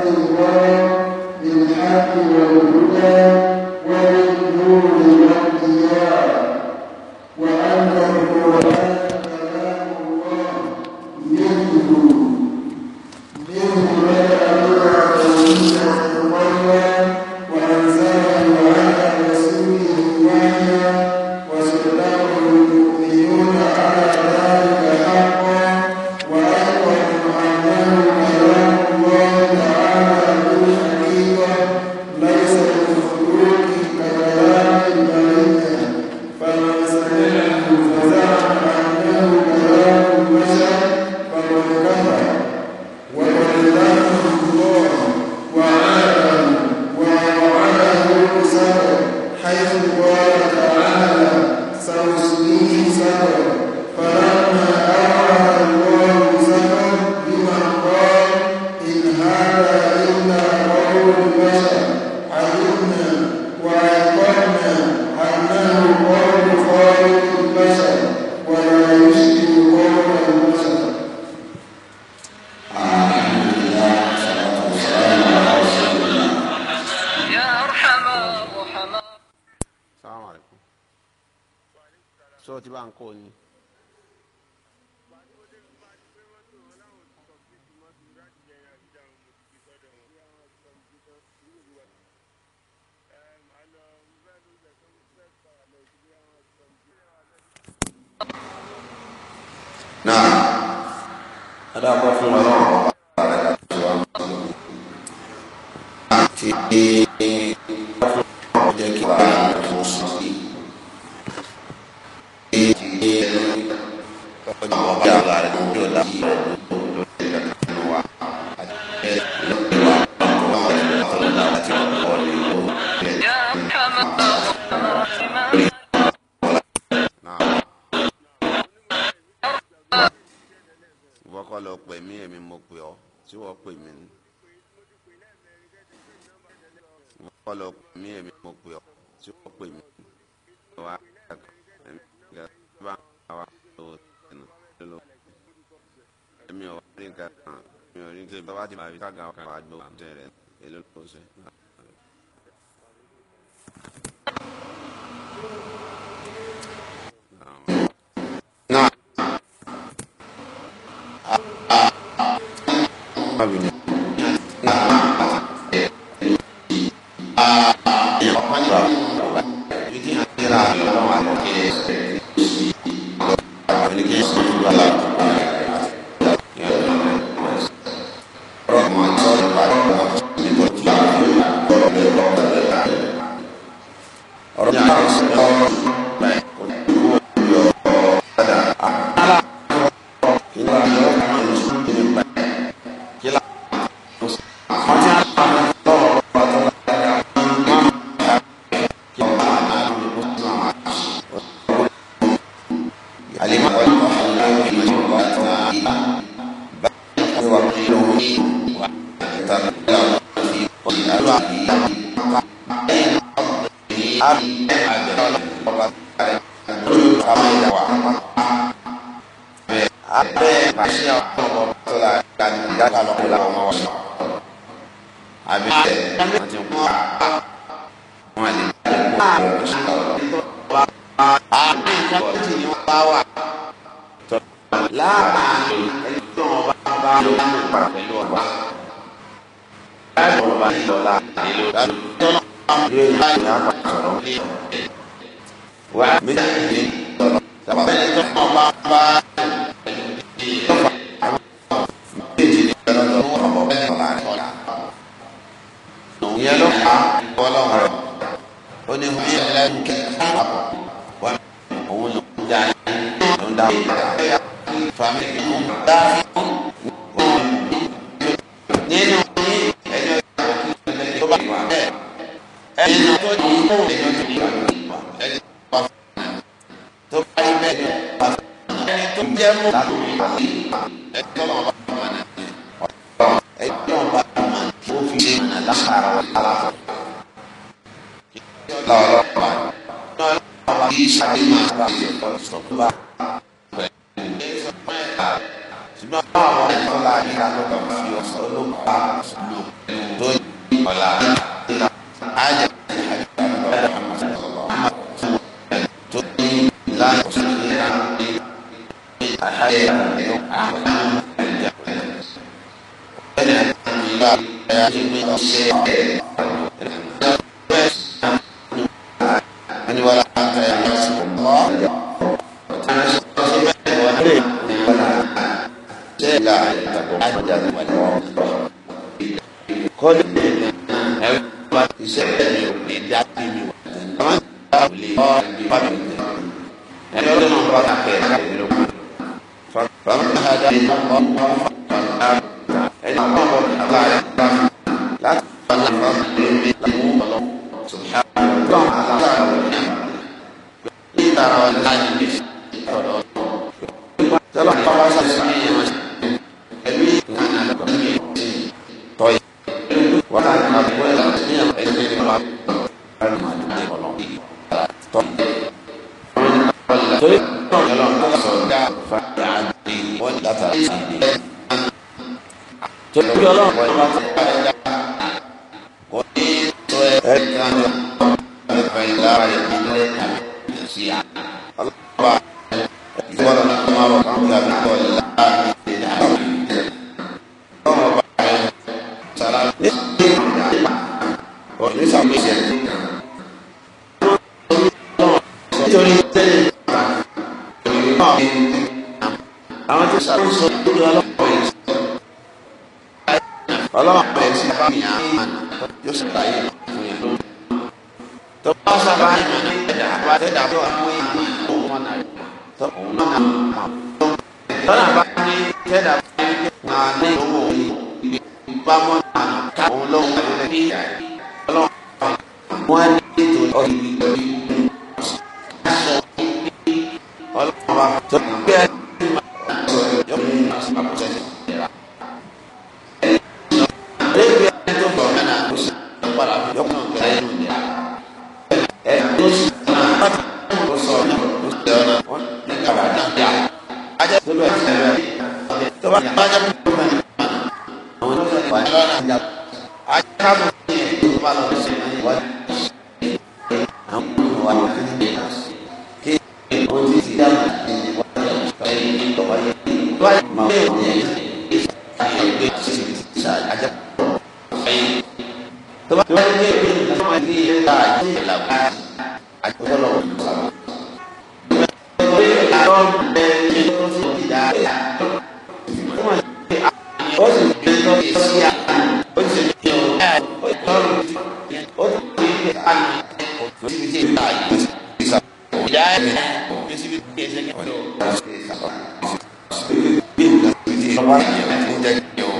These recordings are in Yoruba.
فالله بالحق والهدى والنور والضياء وأنت هو tí wọ́n pè mí ní. wọ́n lọ pè mí èmi mo pè ọ́ tí wọ́n pè mí ní. wọ́n á kàkọ́ èmi gà bá wa lọ́wọ́ tẹ̀nà lọ́wọ́. èmi ò wá rí nǹkan kan mi ò rí nǹkan bá ti bá rí ká gà ọkàn àgbò àti rẹ̀ èlò lọ́wọ́ sẹ́yìn. oui. 没。带 àgbè wọn dàtà àgbè. torí ọlọ́run kọ́ ẹ̀ka ti ká ẹ̀ka kò ní sọ ẹ̀ka ní ọ̀pẹ̀ ìlà ìbílẹ̀ àbí sí à. ọlọ́pàá ìgbọ́dọ̀ náà máa wọ̀ kàn kí àbíkọ́ ìlà ìbílẹ̀ àbí ìbílẹ̀. ọlọ́run ọba ẹ̀ sara ní ìgbà ọ̀rẹ́ sàmúlẹ̀ ìṣẹ̀lẹ̀. nítorí tẹ́lẹ̀ ṣàkóso lórí ọlọ́pàá yẹn sí ọlọ́pàá yẹn sí bá mi yàn án yóò ṣàlàyé fún yẹn lórí. tó bá sábà yàn án ẹ̀dá bá tẹ̀dá bá wọ́n yàn ba trăm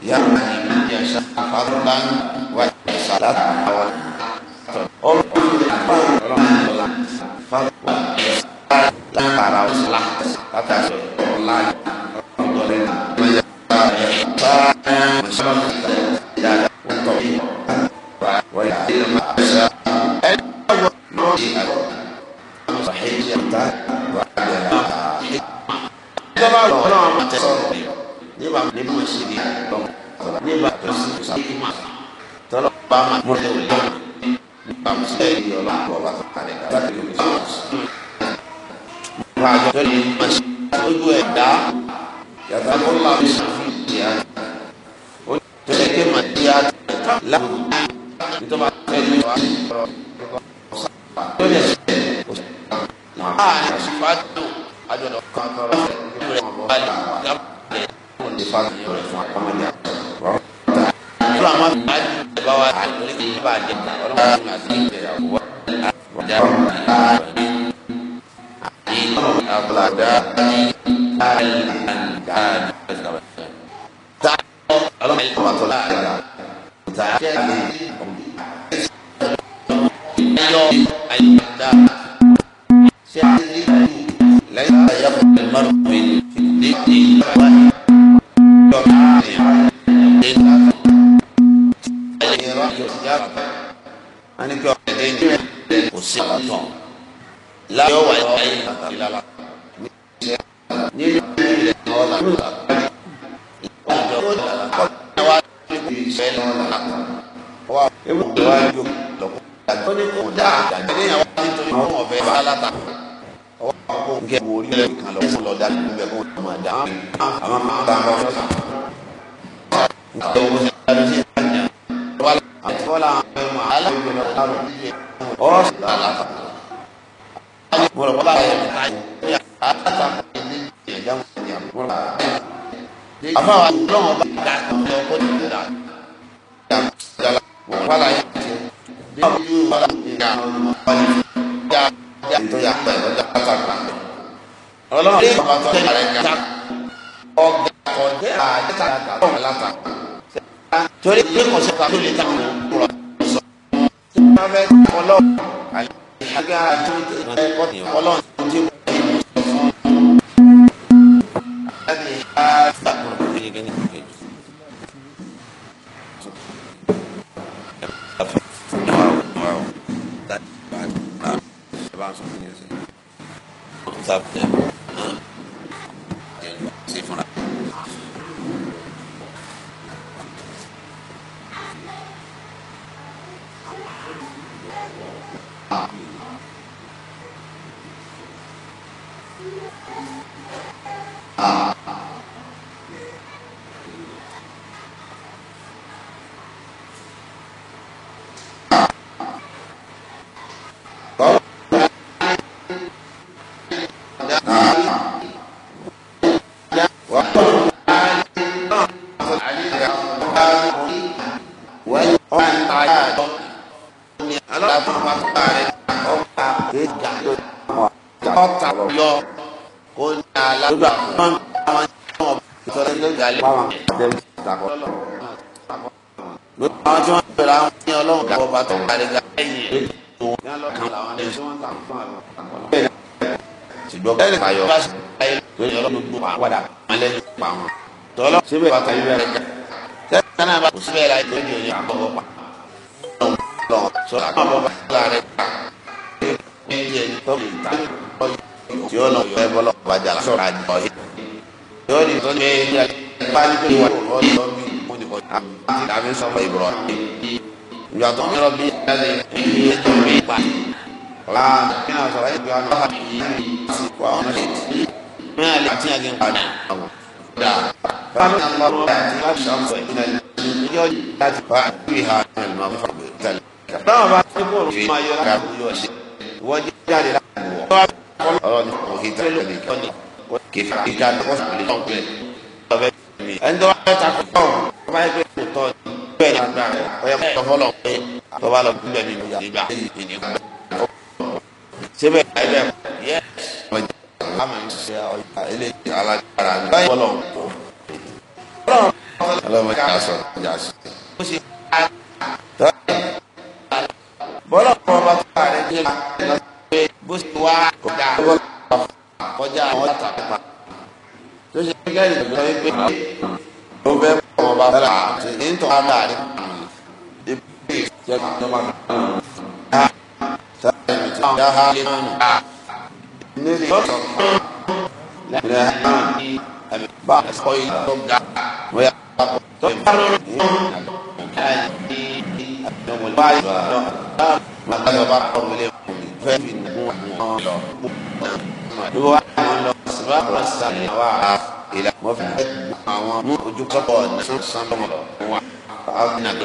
yang jasa farlan wa salat awal àlọ́ ọlọ́run tẹ sọ̀rọ̀ nígbà ní mọ̀ sí di ọ̀rọ̀ nígbà tó sì sá kí mà tọ́lọ̀ bá mà mú ẹ wò lọ́wọ́ nígbà mú sí ẹ̀yìn ọlọ́run tó bá tó kalẹ̀ ká láti lè sọ̀rọ̀ sọ̀rọ̀. mo àjọ tó lè mọ̀ sí ojú ẹ̀ dá yàtọ̀ kó má fi sàn fún ìdí àná ó tó lè ké mà dí àná láwùjọ nítorí wọn fẹ́ ní wàá sọ̀rọ̀ ọ̀sán tó lè sọ̀rọ̀ ọ̀sán náà balẹ̀ gábàlẹ̀ kò ní fa yọ rẹ̀ fún akọ́mọdé àtọ̀. àtúrò àmọ́ bá jẹ́ bá wa àtúrò kì í bá jẹ́ ọlọ́run ní àti ìjẹ̀yà wà àdá àbúlàdá àlàǹdà tá ọlọ́run yọ kó ní alágbà fún àwọn tí wọn bá bẹ̀rẹ̀ àwọn ní ọlọ́run kọ́ bá tọ́ kárí ga lẹ́yìn ṣùgbọ́n bẹ́ẹ̀ ni ayọ̀ bá ṣe ayé lórí ọlọ́run gbogbo àwọn padà wọn lẹ́yìn pa wọn. tọ́lọ́ síbẹ̀ bá tẹ̀lé bẹ́ẹ̀ ga sẹ́yìn náà bá kò síbẹ̀ láì lórí òye àbọ̀bọ̀ pa lọ sọ àwọn ọmọ bàbá rẹ gbà pé ẹ yẹ tọ́lù ìta ọyọ tí ó nù pẹ́ bọ́lọ̀ bàjá la sọ̀rọ̀ àjọ yìí tí ó di tó ní bá ní pé wà lọ́wọ́ lọ́wọ́ bí mo ní kọ́ àbí sọ̀rọ̀ ìbọ̀rọ̀ ìjọ tó ń yọrọ bí ẹni ní ètò mi pa ọ̀la kí náà sọ̀rọ̀ ìjọ àná wà ní ìsìnkú àwọn ọ̀nà ìtì mí àlè àti àgẹ̀ ń padà àwọn ọ̀dà fáwọn àwọn ọ̀rọ̀ àti láti sọ̀rọ̀ ìjọ ìjọ láti fa ìhà ìmọ̀ fún ọ̀gbẹ̀ tẹ̀lé. táwọn bá ti kó òrùn máa yọ láti wọ́n jáde láti wọ̀ ọlọ́run ní kò hita lórí kan kìfà ìka lọ́wọ́ sàlẹ̀ tó ń pè ọbẹ̀ mi. ẹni tó bá ta kọ́ ọ bá yẹ pé kò tọ́ bẹ́ẹ̀ ni àgbà rẹ̀ ọyẹ kọ́ ọ fọlọ́ pé tó bá lọ gbígbẹ́ mi ìyá ìgbà ìní gbà. bọ́lá ọmọ bá tó àrẹ bí bó ṣe wá kọjá kọjá àwọn tàbípa tó ṣe gẹ́gẹ́ ìgbà wípé ó fẹ́ bọ̀ ọba fẹ́ra ṣe ń tọ́ àmì àrí ibi ìṣẹ́ ìjọba náà sábẹ́ ìrètí ọ̀gá ha lè máa nù nílé lọ́sọ̀ lẹ́yìn àmì bá a sọ ilé tó ga wọ́n yà á kọ́ tó bá lórí ìyá ìyá ìyá ìyá ìyá ìyá ìyá ìyá ìyá ìyá ìyá ìyá ìyá ìyá ìyá ló wá àwọn lọ síbá wọn sáré wá ìlà wọn fi ẹ àwọn mú ojú kọ́kọ́ ọ̀nà tó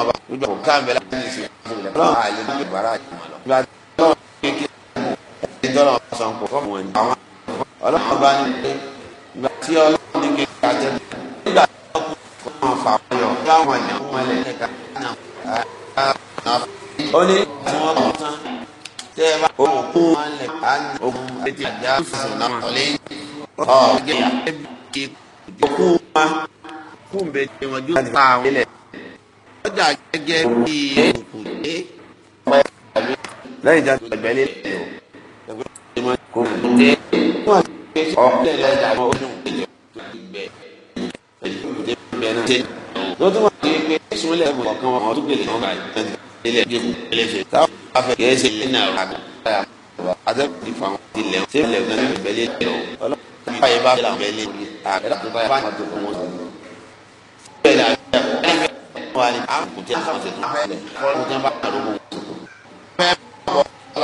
ọba lójú ọkọ káàmì ẹlẹ ní ìsìn fún ilẹ̀ ọlọ́run àlè ní ìbára àti ìmọ̀ lọ. ìgbà tí ọlọ́run ní kí ẹni tọ́lọ̀ sọ pọ̀ fún wọn ni àwọn ọlọ́run ọba ní pé ìgbà tí ọlọ́run ní kí ẹni àjẹ nígbà tí ọkùnrin kò máa fà wọ́n yọ láwọn ẹ̀yà wọn lẹ̀ ẹ̀ka ó ní tí wọ́n kọ́ tán tẹ́ ẹ bá òun kú wọn lẹ̀ á ní òun létí àjà fún náà lẹ́yìn ọ̀gẹ̀ òkú wọn kú bẹ́ẹ̀ tí wọ́n jó ta àwọn ilẹ̀ dà gẹ́gẹ́ bí òkùnlé. lẹ́yìn ìjà tó gbẹ nílé o kò fún dé ọ̀pẹ lẹ́jà mọ́ ojú ìjẹ́ tó ti gbẹ ẹ̀jú ìjẹ́ bẹ́ẹ̀ náà ló tún wà ní pé súnlẹ̀ ẹ̀bùn ọ̀kan wọn tún gbèlè wọn báyìí ilé ẹ̀jẹ̀ kò lè ṣe táwọn afẹ́ kìí ṣe lẹ́nà àgbà àtẹ̀kùn wàlẹ̀ àwọn tẹ àwọn tẹ tó bẹ̀ kó tẹ bá kàdó kó. tó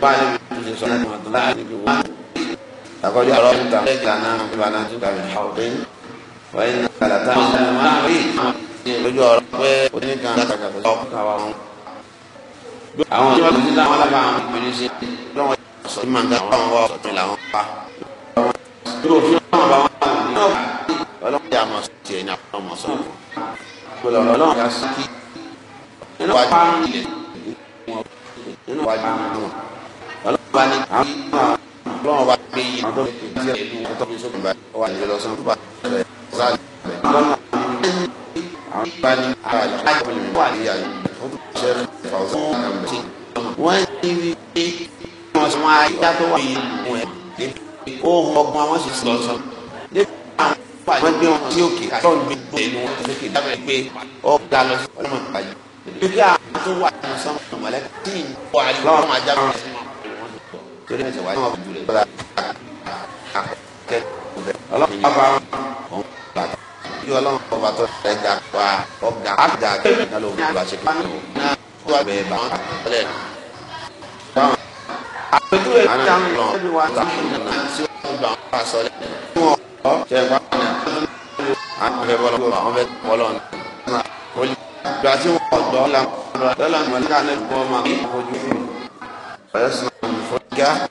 bá ní sọ ní ọdún láàrin níbi wọn. àkọjú àrọ ń ta ẹgbẹ́ àná ìbànú tó kàwé ọ̀gbìn wọ́n ní kàlà táwọn ọmọ máa rí lójú ọ̀rọ̀ pé oníkan kàkàtà ọkọ̀ kàwá wọn. àwọn ìjọba ti dá wọn lábàá àwọn ìpinnu sí lọ́wọ́ sọ ní màgá wọn wọ́n sọ̀tún làwọn pa. yóò fi wọn bá wọn náà ọlọ́run yà mọ̀ sí tiẹ̀ ní àwọn ọmọ sọ̀rọ̀. ọlọ́run yà sí kí nínú wájú ilẹ̀ nínú wájú ilẹ̀ ọlọ́ba ní àwọn ọlọ́wọ́n bá gbé yìí àwọn bẹ tí ìlú wọn tó ń sọ bàbá wà ní lọ́sàn bàbá rẹ̀ ọ̀sán rẹ̀ àwọn bá ní àjọ àjọ wà ní àjọ fún ṣẹ́ fàwọ́sán náà bẹ̀ tí wọ́n ti rí pé wọ́n sọ wọn ayíká tó wà ní ìlú ẹ̀ ohun ọgbọ́n àwọn sì sọ sọ wọ́n gbé wọn sí òkè àtọ́ ń ìlú wọn lókè torí ẹsẹ̀ wáyé wọn ju rẹ̀ gbọ́dọ̀ àkọ́kẹ́ ọlọ́run bá wọn ọlọ́run ọba tó rẹ̀ ga pa ọ̀gá àgbà kẹ́kẹ́ ló ń bá ṣe kí náà tó wà bẹ́ẹ̀ bá wọn kọ́lẹ̀. àpèjúwe tí ń lọ ẹbí wa ta tí wọn gbà wọn sọ lẹ́yìn tí wọn kọ́ ṣe wá ní àwọn fẹ́ bọ́lọ́ àwọn fẹ́ bọ́lọ́ ní. olùgbà tí wọn gbọ́ lọ́la mọ̀lẹ́ká lẹ́nu bọ́ máa ń fojú fún mi. ويسمع الفرجة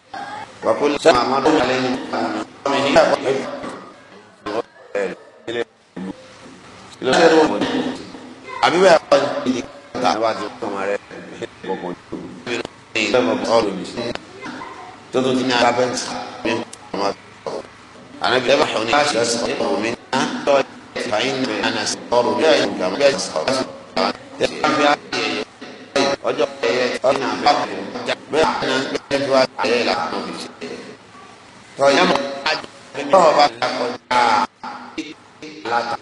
وكل ما مر عليه حبيبي يا أخوي بعد يوم عليه تضغطين على بنس أنا بذبح ونعش أسقطه منا فإن أنا أسقطه بلا كما بيسقط أجل أجل أجل أجل bẹ́ẹ̀ àná bẹ́ẹ̀ tó wá tẹ̀lé làwọn fi ṣe tọ́yà mọ́ àjọ bẹ́ẹ̀ bá ta kọjá aláta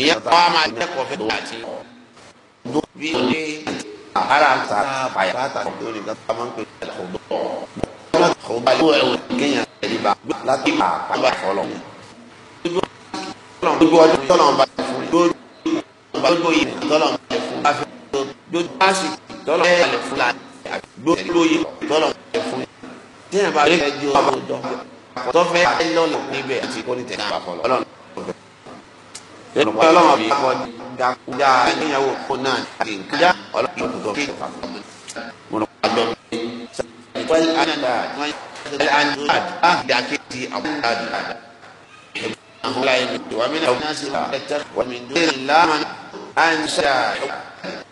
ìyá wa máa jẹ́ kọfẹ́ tó wà tí bí o ní ara ń ta àyà bá ta tó ní ká máa ń pè é lọ́dọ̀ ọ̀gbọ́n ọ̀gbọ́n àlọ́ ẹ̀wọ̀n kéèyàn tẹ̀lé bá láti bá a bá fọlọ́ gbogbo ọdún tọ́lọ̀ ń bá fún yóò gbogbo yìí tọ́lọ̀ ń bá fún yóò dá sí i tọ́lọ̀ ń kalẹ̀ fún la gbogbo yìí tọ́lọ̀ ń kalẹ̀ fún yìí tí yàrá bá rí ẹjọ́ ọ̀rọ̀ jọ tọ́fẹ́ lọ́nà níbẹ̀ àti kọ́ni tẹ̀ náà fọlọ́ ọlọ́run ọlọ́run ọ̀bí kọ́ dákúdá níyàwó kó náà di nkúdá ọlọ́run tó fi mọ̀nà àgbọ̀ wọ́n ànàdà wọ́n ànàdà àdàkẹ́ ti àbúrò àdàdà àwọn ọ̀la ẹ̀mí wàmínà ọ̀nà sí ẹ̀tẹ́ wàmíndé lámà ànsá.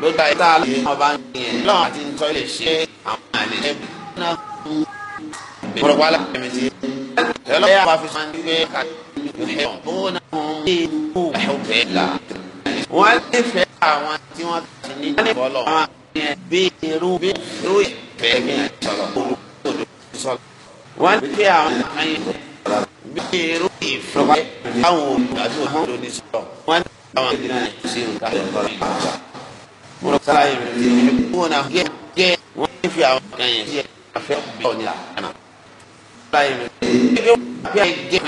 ló ta ìta lè ọba yẹn náà àti ntọ́ lè ṣe àwọn àlè ṣe bí náà fún mi. mo rọ wá láti mi ti ẹlọ́ yà wá fi sọ ní pé kàkiri ẹ̀ tó náà ń bí kú ẹ̀fẹ̀ là. wọ́n lè fẹ́ àwọn tí wọ́n ti ní bọ́lọ̀ wọn bí irú bí irú ìfẹ́ mi sọ̀rọ̀ olùkọ́dọ̀ sọ̀rọ̀. wọ́n lè fẹ́ àwọn àyè bí irú ìfẹ́ báwọn olùkọ́dọ̀ sọ̀rọ̀ wọ́n lè fẹ́ àwọn àyè bí irú ìfẹ́ báwọn olùkọ́dọ̀ sọ̀rọ̀ mo lọ sára yẹn rẹ mo na gẹ gẹ wọn ti fi àwọn kan yẹn sí àfẹ bọ ní àná sára yẹn rẹ gẹ gẹ gẹ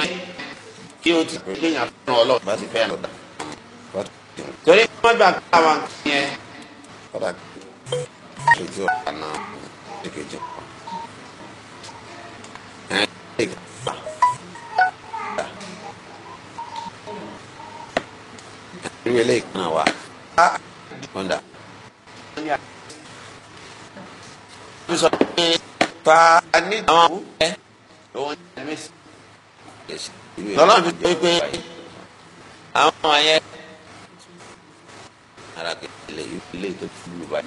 kí o ti gbé yàn fún ọlọ́run bá ti fẹ́ yàn lọ́dà torí wọn gbà pé àwọn kan yẹn ọ̀dà ṣètò àná ìkejì irú eléyìí kan wà mi sọ pé fa ní àwọn àwọn ẹ òun ní ẹ̀mí sí. lọ́lọ́run fi jẹ́ pé àwọn ọmọ yẹn ara kẹlẹ ilé tó fi lù bá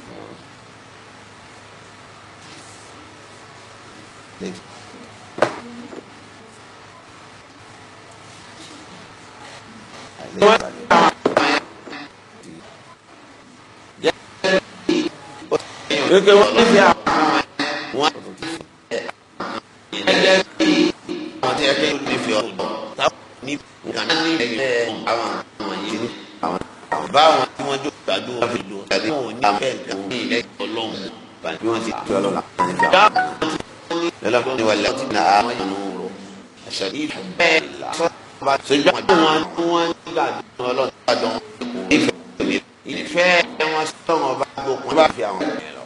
Yeah wípé wọ́n ti fi àwọn wọn ẹgbẹ́ bí wọ́n ti ẹgbẹ́ ní fi ọ̀pọ̀ táwọn ní gànà ní ẹgbẹ́ àwọn àwọn yìí ní àwọn báwọn tí wọ́n jó gbàdúrà wọn fi lò tàbí wọn ò ní bẹ́ẹ̀ nǹkan ní ilẹ̀ ọlọ́run bí wọ́n ti tó ọlọ́run àti ìjà lọ́lọ́kùnrin ni wà lẹ́yìn tí nà á wọ́n yàn ń rò ẹ̀ṣẹ̀ ìfẹ́ bẹ́ẹ̀ lásán sọjọ́ àti wọn tí wọ́n ń gbàdúrà ọlọ́run ìfẹ́ wọn sọ̀rọ̀ bá gbókun láti fi àwọn ènìyàn lọ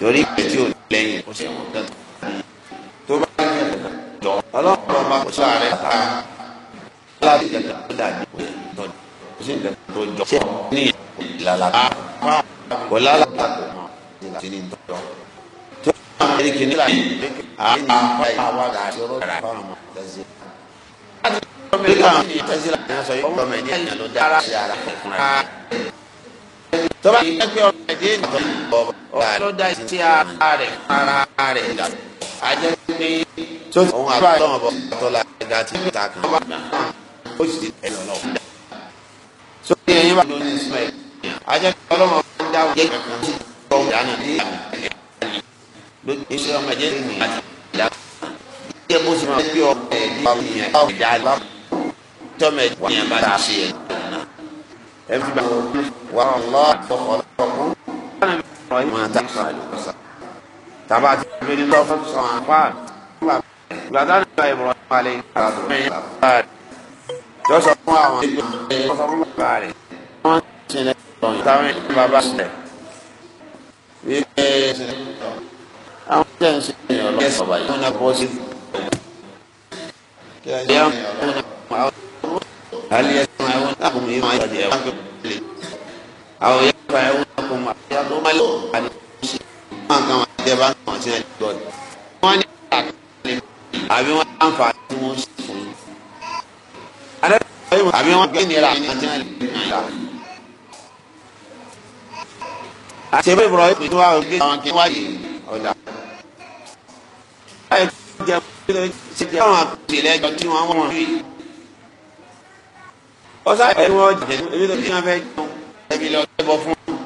torí ìgbé tí ò lẹ́yìn kò sí ẹ̀wọ̀n kan tó bá ń yẹ kankan jọ ọlọ́run ọba kò sọ ààrẹ ta láti yẹ kankan tó dàbí kò yẹ tó kò sí nǹkan tó jọ fún ọ ní ìlàlá kò lálàkà kò mọ ìlàtí ní tọjọ tó bá ń yẹ kíní láyé àárín apá ìwà àti ọ̀rọ̀ ìfà ọmọ tẹsí. bí káwọn ní tẹsí láti sọ yìí ọmọ ẹni ẹni ló dára sí ara tó bá ẹ̀dẹ́ nìkan ọlọ́dà sí ara rẹ̀ ara rẹ̀ dà ajẹ́ pé tó ti òun àtọ́ ọ̀bọ̀ àtọ́lá ẹ̀dá ti ta kan ó sì ti ẹ̀yọ̀ lọ. tó ní ẹyin bá lóyún sọ ẹ̀ ajẹ́ pé ọlọ́mọ ń dá wọ́n jẹ́ kankan ọ̀hún ìdáná ní àmì lójú iṣẹ́ ọmọ ẹ̀jẹ̀ ní àti ìdá jẹ́ bó ti máa ń gbé ọmọ ẹ̀ ní ọmọ ìyẹn ọmọ ìdá ìbá tọ́mọ ní ẹ̀ bá ti ṣe ẹ̀ wà lọ́ọ̀ tàbá ti fi ní lọ́fọ́ sọ àpá gbàdá ní ìgbà ìbọ̀rọ̀ ìpàlẹ̀ ìgbà tó sọ fún àwọn ẹgbẹ́ tó sọ fún bàbá rẹ̀ wọ́n ti ní ìtọ́yìn táwọn ẹgbẹ́ bàbá rẹ̀ wípé àwọn tẹ̀ ń ṣe ìyàn lọ́sọ̀ báyìí wọ́n náà bọ́ sí ìyá wọn náà àwọn alẹ́ ẹ̀sán àwọn náà kò ní ìmọ̀ ayọ̀ jẹ́ wọn. àwọn yàrá ẹ̀wọ̀n kó ma bí a tó ma lé wà ṣe wọn kan wọn jẹ bá wọn ti hàn lọ ni wọn ní àkàlẹ àbí wọn bá ń fa tí wọn sì fún yín àbí wọn gbé nira àti hàn lọ àti ẹbí ìbúra ìpè tí wọn àwọn gbé àwọn kí wọn yé ọjà láyé jẹ ṣe jẹ àwọn àpèlè ẹjọ́ tí wọn wọn rí ọsàn ẹni jẹ ẹbí tó ti wọn fẹ́ jẹun ẹbí lọ tẹbọ fún un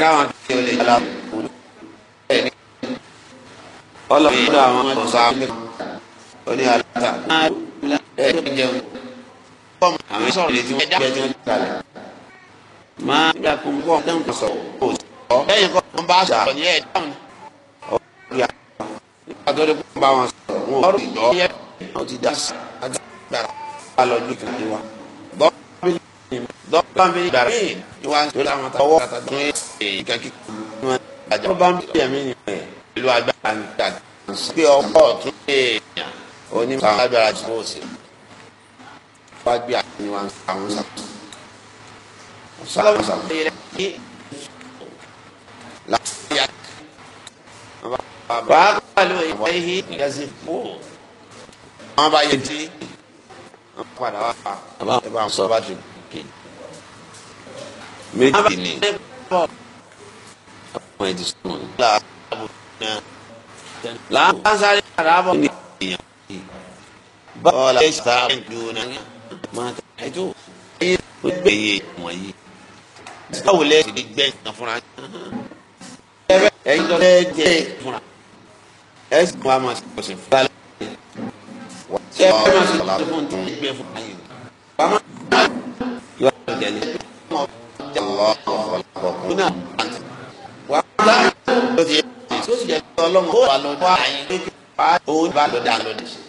káwọn kí o lè jala kúlù bẹ́ẹ̀ ni ọlọ́run yìí lọ àwọn ọ̀sán àwọn ẹgbẹ́ kan oní aláta náà ẹ̀ ẹ̀ jẹun kọ́mù àwọn sọ̀rọ̀ lè ti wọ́n jẹ́ ti wọ́n ti kalẹ̀ máa ń gbà kún kọ́ ọ̀dẹ́hùn kan sọ̀rọ̀ kò sọ̀ lẹ́yìn kọ́ ọ̀n bá sọ̀rọ̀ ní ẹ̀ dáhùn ọ̀rọ̀ yà tó lè kún bá wọn sọ̀rọ̀ wọn ọ̀rọ̀ ìjọ yẹ wọn ti dá sí agbára wà lọ́jọ́ kan ní wa dọ́ọ̀bì dọ́ọ̀bì gbàgbé ìwà ń tó láwọn tàwọn àtàdúnrún èyí kankan kí wọ́n bàjẹ́ wọ́n bá ń bí ẹ̀mí ni wọ́n yẹ pẹ̀lú agbára ní ìtajà pé ọkọ̀ tún lè yàn oní àwọn agbára tí wọ́n sì wá gbé àwọn àwọn sàkóso. sàkóso yẹn kí láti yá bàbá pàlọ́ ìwáyé yẹsẹ̀ fún un. wọ́n bá yẹ ti wọ́n padà wá bá ẹ bá ń sọ bá ti kéde méjì ni point stone. lásán arábọ̀ ní èèyàn yìí. bọ́ọ̀lù ẹ̀ ṣáà ń dúró máa tẹ̀ ẹ́ tó ẹ̀yìn tó gbé iye ìwọ̀n yìí. báwo lẹ́ ti gbẹ́ ìtàn fúnra yín. ẹ̀yin tó lẹ́ jẹ́ fúnra ẹ̀ sì wá máa sọ̀rọ̀ sí fúnra lẹ́yìn. ṣé ẹ máa sọ̀rọ̀ láti fún un gbẹ́ fúnra yín. wàá máa yọ ọ́ jẹ́ ní. ọlọ́ọ̀ọ́ ọ̀làkọ̀ọ́kùn wà á gbà tó ti yẹ tó ti yẹ kí ọlọ́run kó wà lọ wá àyìn pé kí wà á owó bá lọ dà lọ dì sí.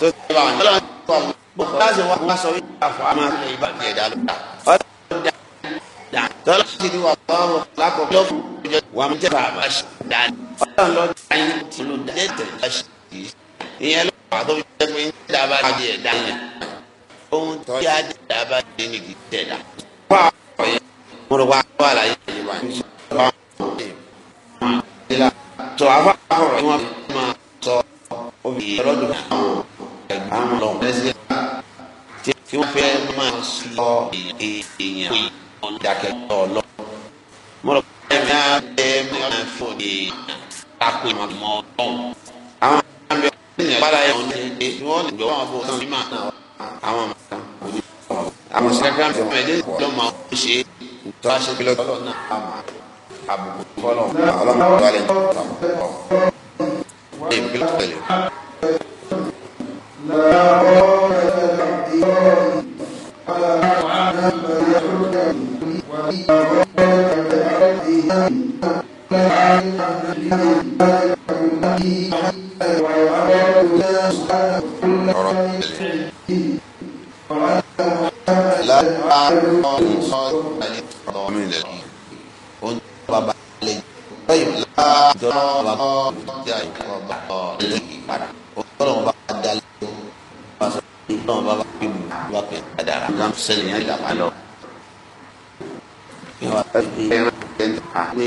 tó ti yẹ báwọn ọlọ́run kọ́ ọ̀hún bó kọ́ láti wá wá sọ wípé àfọ àmà ilẹ̀ ìbá ti ẹ̀dá lọ dà ọlọ́run dà tọ́lá ti di wà lọ́rùn lákòókò lọ́kùnrin wà mú jẹ́fà àbá ṣe dà ọlọ́run lọ dà yín ti lọ dà lẹ́tẹ̀ ìyẹn ló tó fi jẹ́ dábàá di ẹ̀dá yẹn ohun tó yá mo rò wá wà láyé ìwà yìí tó a bá kọrọ tí wọn fi máa sọ obìnrin ọlọ́dún àwọn ẹgbẹ́ àwọn lọ lẹ́sẹ̀ tí wọ́n fẹ́ máa sọ èèyàn ìdákẹ́jọ́ lọ. mo rò pé ẹ̀mí á bẹ ẹ̀mí ọ̀nà fún òde tako ìmọ̀ mọ́ ọ̀hún. àwọn àmì ọ̀hún ìpàdà yẹn wọn ní ṣe wọ́n lè gbọ́ wọn bó sọ mímọ́ àwọn ọmọ kan òní. àwọn sẹ́kẹ́rẹ́ mi fún ẹ̀dẹ́ ìjọba máa ń ṣe ìtọ́ àṣẹ pẹ̀lú ọlọ́run náà àbùkù fọlọ ọlọmọ wa lè tó àbùkù fọlọ. ẹ bí ló tẹ̀lé. ọ̀rọ̀ tẹ̀lé. ọlọ́wọ́ bá ọjà ìkọ̀ọ̀bá ọ̀lẹ́ ìpadà ọlọ́wọ́ bá dalẹ̀ bá sọ pé ọlọ́wọ́ bá bá pè mí bá pè dáadáa bá sẹ́lẹ̀ yẹn dàgbà lọ. ìwà pẹ̀lú ẹ̀rọ ẹ̀ńtà pé.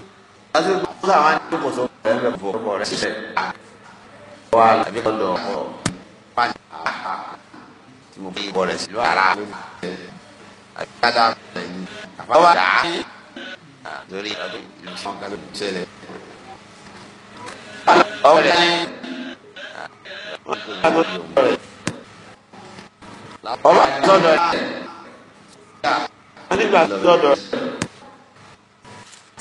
o ti sáà wá ní kókò ń bọ̀ ọkọ rẹ̀ ṣiṣẹ́ àkọ́ àbí kọ́ lọ ọkọ pàṣẹ tí mo fi bọ̀ rẹ̀ sí lọ́wọ́ ara àbí kádà lẹ́yìn àbáwá dà á lórí ọdún ìlú sọ̀kan ló ṣẹlẹ̀. ọ̀rẹ́ ọba tọdọ ẹ nígbà tọdọ ẹ.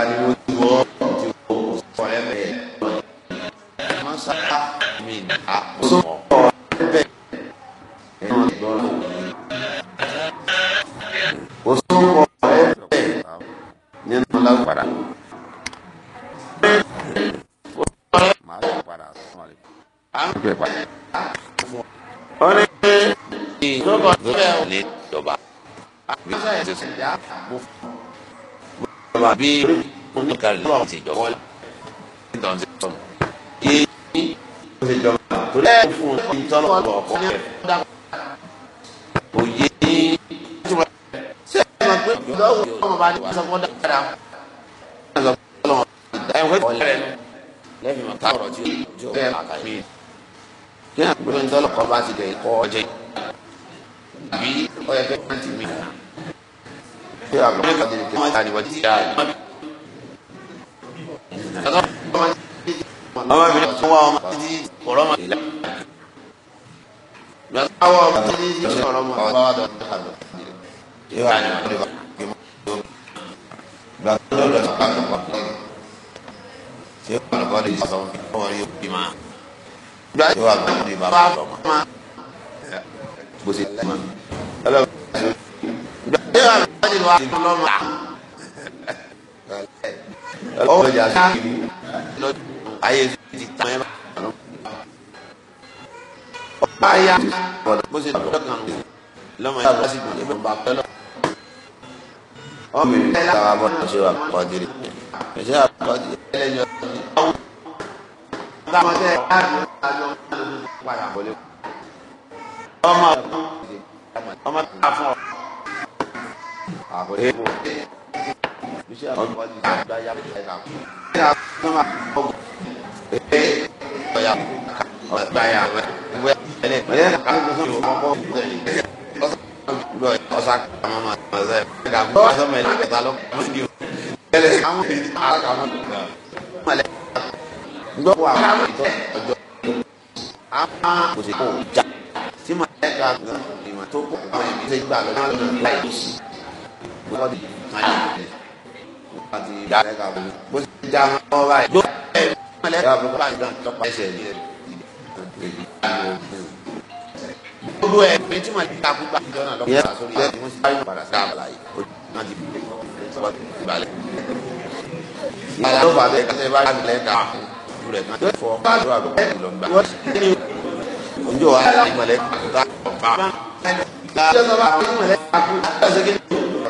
ariwo ti wọ́ ti wọ́ kò sọ ẹ bẹ́ẹ̀ wọ́n sábà mi àpò sọ ẹ bẹ́ẹ̀ ẹ̀rọ ìgbọ́n náà kò sọ ẹ bẹ́ẹ̀ nínú lágbára. Ọ̀rẹ́ ìjọba ìjọba ìjọba ìjọba àbí oníkàlẹ̀ lọ́wọ́ ti jọba wọlé nítorí ṣe tọ́nu. yé ní ṣe jọba tó lẹ́ fún un ìtọ́nà ọ̀bọ̀ ọ̀kọ́ ní ẹ̀dá. òye ní ìtura ṣe é ma pé lọ́wọ́ ọmọ bá ní sọ́kọ́ dáadáa. ẹ̀wẹ́ tẹ̀lé lẹ́yìn ma ká ọ̀rọ̀ tí o jọ bẹ́ẹ̀ máa kà mí. kí ni àpérò ìtọ́lọ́kọ̀ bá ti dẹ̀ kọ́ ọ jẹ́ àbí ọ̀yẹ́fẹ́ ọmọ mi tún wá ọmọ títí ọ̀rọ̀ ma ìlà gbàtàwọ̀ ọmọ títí ọ̀rọ̀ ma ọ̀rọ̀ ma dọ̀tí àlọ́ yóò wá ní ọ̀rọ̀ ma kí mo tó gbàtàwọ̀ ọ̀rọ̀ ma kí mo tó ṣé wà lọ́kọ́ lè sọ ọmọ yóò bí ma gbàtàwọ̀ ọ̀rọ̀ ma bá ọ̀rọ̀ ma bó ṣe lẹ́yìn wọ́n ti wá sí lọ́rùn à. ọwọ́ ìjà sí ìlú lọ́dún ayé ti tán ẹ bá. ọba ya bó ṣe lọ́dún kan lọ́mọ yà lọ́sí ìgbọ̀n ní bàbá pẹ́lọ́. ọmọ ìlú ẹ̀ka wa bọ́ ṣe wà kọ́dìrì ṣe wà kọ́dìrì ẹlẹ́yìn ọ̀sán ní ọwọ́. táwọn tẹ ẹ bá yọ ọmọ padà wọlé. ọmọ ọmọ tá a fún ọ àkọsílẹ̀ iṣẹ́ àwọn ọ̀dọ́ ti gba ya ẹ̀ka. ọ̀gbà ya wẹ́ ẹ̀lẹ́ ẹ̀lẹ́ ká ló ń bọ̀ ọ̀sán ọ̀sán kàmá ma ọ̀sẹ̀ ẹ̀ka kó ọ̀sán mẹ́lẹ̀ ẹ̀ka ló ń di o. ẹ̀lẹ́ àwọn èdè ara kà mọ́ ọ̀sán gbọ́ wà wọ́n ìtọ́ ọjọ́ àwọn kò sí kó o já sí ma ẹ̀ka tó kọ́ àwọn ẹ̀mí tó gbà lọ́dún láì tó sí wọ́n ti máa jẹ wọ́n ti dá ẹ̀ ká fún bó ti dá wọn báyìí gbọ́ ẹ̀ mọ̀lẹ́ ká fún báyìí náà tọ́pa ẹsẹ̀ ní ẹ̀ gbogbo ẹ̀ pé tí màá dá kú bá ìjọ náà lọ́kọ̀ọ́ sórí ẹ̀ tí wọ́n ti dá yóò padà dá àbàlá yìí ó náà ti bẹ̀rẹ̀ wọ́n ti balẹ̀. ìyá ló bá bẹ́ẹ̀ kásẹ̀ bá lẹ̀ ká fún rẹ̀ náà fọ́ bá lọ́wọ́ àbẹ̀wò lọ́gbà. ojú wa ìmọ̀lẹ́ kà